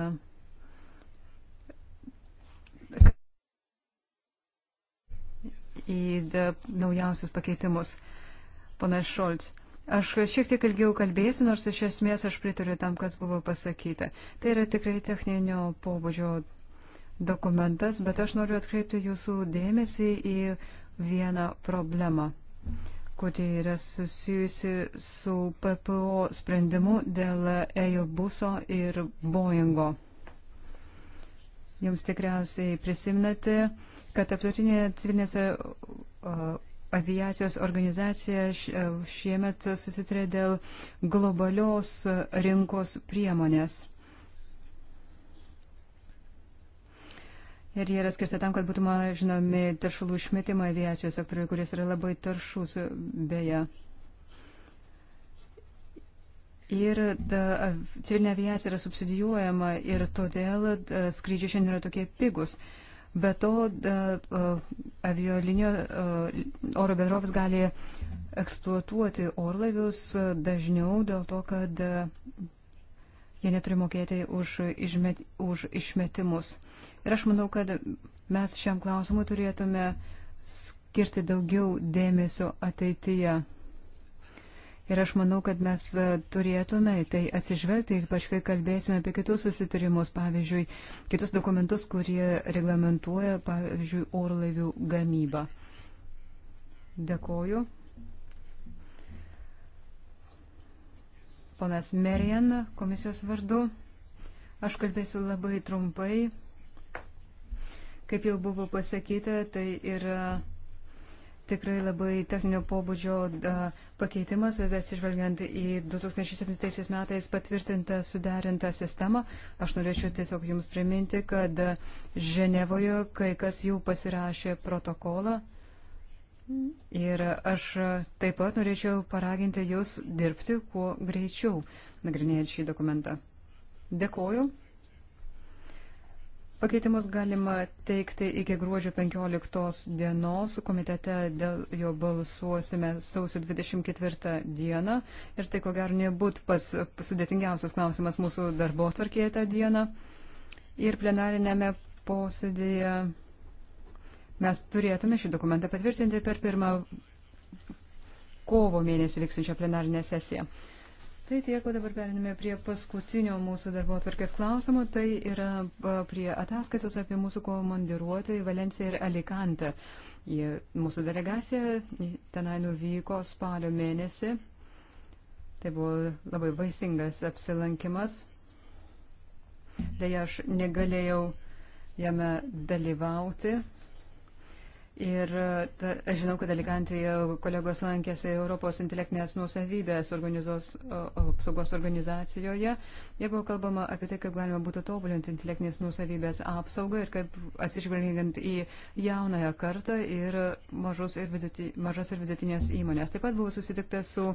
į da, naujausius pakeitimus ponas Šolts. Aš šiek tiek ilgiau kalbėsiu, nors iš esmės aš pritariu tam, kas buvo pasakyta. Tai yra tikrai techninio pobūdžio dokumentas, bet aš noriu atkreipti jūsų dėmesį į vieną problemą, kuri yra susijusi su PPO sprendimu dėl Ejobuso ir Boeingo. Jums tikriausiai prisimnate, kad aptautinė civilinės uh, aviacijos organizacija e, šiemet susitrė dėl globalios rinkos priemonės. Ir jie yra skirta tam, kad būtų mažinami taršalų išmetimai aviacijos sektoriuje, kuris yra labai taršus beje. Ir civilinė aviacija yra subsidijuojama ir todėl e, skrydžiai šiandien yra tokie pigus. Uh, Be to, avialinio oro bendrovės gali eksploatuoti orlaivius dažniau dėl to, kad jie neturi mokėti už, išmet, už išmetimus. Ir aš manau, kad mes šiam klausimui turėtume skirti daugiau dėmesio ateityje. Ir aš manau, kad mes e, turėtume tai atsižvelgti, ypač kai kalbėsime apie kitus susitarimus, pavyzdžiui, kitus dokumentus, kurie reglamentuoja, pavyzdžiui, orlaivių gamybą. Dėkoju. Ponas Merian, komisijos vardu. Aš kalbėsiu labai trumpai. Kaip jau buvo pasakyta, tai yra tikrai labai techninio pobūdžio pakeitimas, atsižvelgiant į 2007 metais patvirtintą suderintą sistemą. Aš norėčiau tiesiog Jums priminti, kad Ženevoje kai kas jau pasirašė protokolą. Ir aš taip pat norėčiau paraginti Jūs dirbti kuo greičiau, nagrinėjant šį dokumentą. Dėkoju. Pakeitimus galima teikti iki gruodžio 15 dienos. Komitete dėl jo balsuosime sausio 24 dieną. Ir tai, ko gero, nebūt pas sudėtingiausias klausimas mūsų darbo tvarkėje tą dieną. Ir plenarinėme posėdėje mes turėtume šį dokumentą patvirtinti per pirmą kovo mėnesį vyksinčią plenarinę sesiją. Tai tiek, o dabar periname prie paskutinio mūsų darbo atvarkės klausimo. Tai yra prie ataskaitos apie mūsų komandiruotę į Valenciją ir Alicantą. Mūsų delegacija tenai nuvyko spalio mėnesį. Tai buvo labai vaisingas apsilankimas. Deja, aš negalėjau jame dalyvauti, Ir e, ta, aš žinau, kad Alikantėje kolegos lankėsi Europos intelektinės nuosavybės apsaugos organizacijoje ir buvo kalbama apie tai, kaip galima būtų tobulinti intelektinės nuosavybės apsaugą ir kaip atsižvelgiant į jaunąją kartą ir, mažus ir viduti, mažas ir vidutinės įmonės. Taip pat buvo susitikta su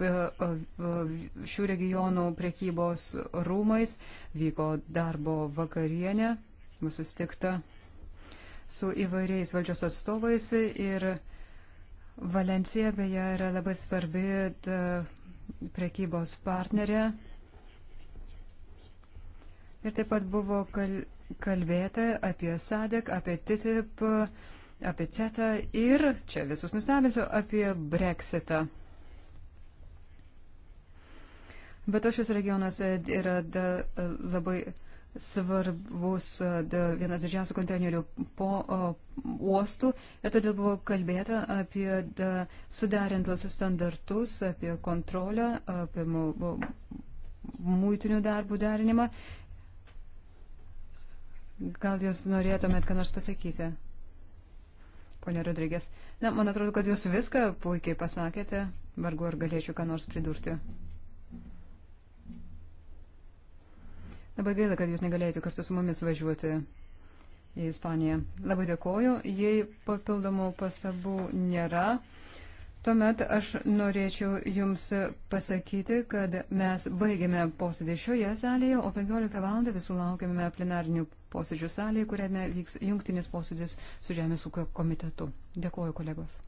šių regionų prekybos rūmais, vyko darbo vakarienė, buvo susitikta su įvairiais valdžios atstovais ir Valencija beje yra labai svarbi prekybos partnerė. Ir taip pat buvo kalbėta apie SADEK, apie TTIP, apie CETA ir, čia visus nustebinsiu, apie Brexitą. Bet to šis regionas e, yra da, e, labai svarbus vienas didžiausių konteinerių po uostų ir todėl buvo kalbėta apie suderintus standartus, apie kontrolę, apie mūtinių darbų derinimą. Gal jūs norėtumėt ką nors pasakyti, ponė Rodrygės? Na, man atrodo, kad jūs viską puikiai pasakėte, vargu ar galėčiau ką nors pridurti. Labai gaila, kad jūs negalėjote kartu su mumis važiuoti į Ispaniją. Labai dėkoju. Jei papildomų pastabų nėra, tuomet aš norėčiau Jums pasakyti, kad mes baigėme posėdį šioje salėje, o 15 val. visų laukiame plenarnių posėdžių salėje, kuriame vyks jungtinis posėdis su Žemės ūkio komitetu. Dėkoju, kolegos.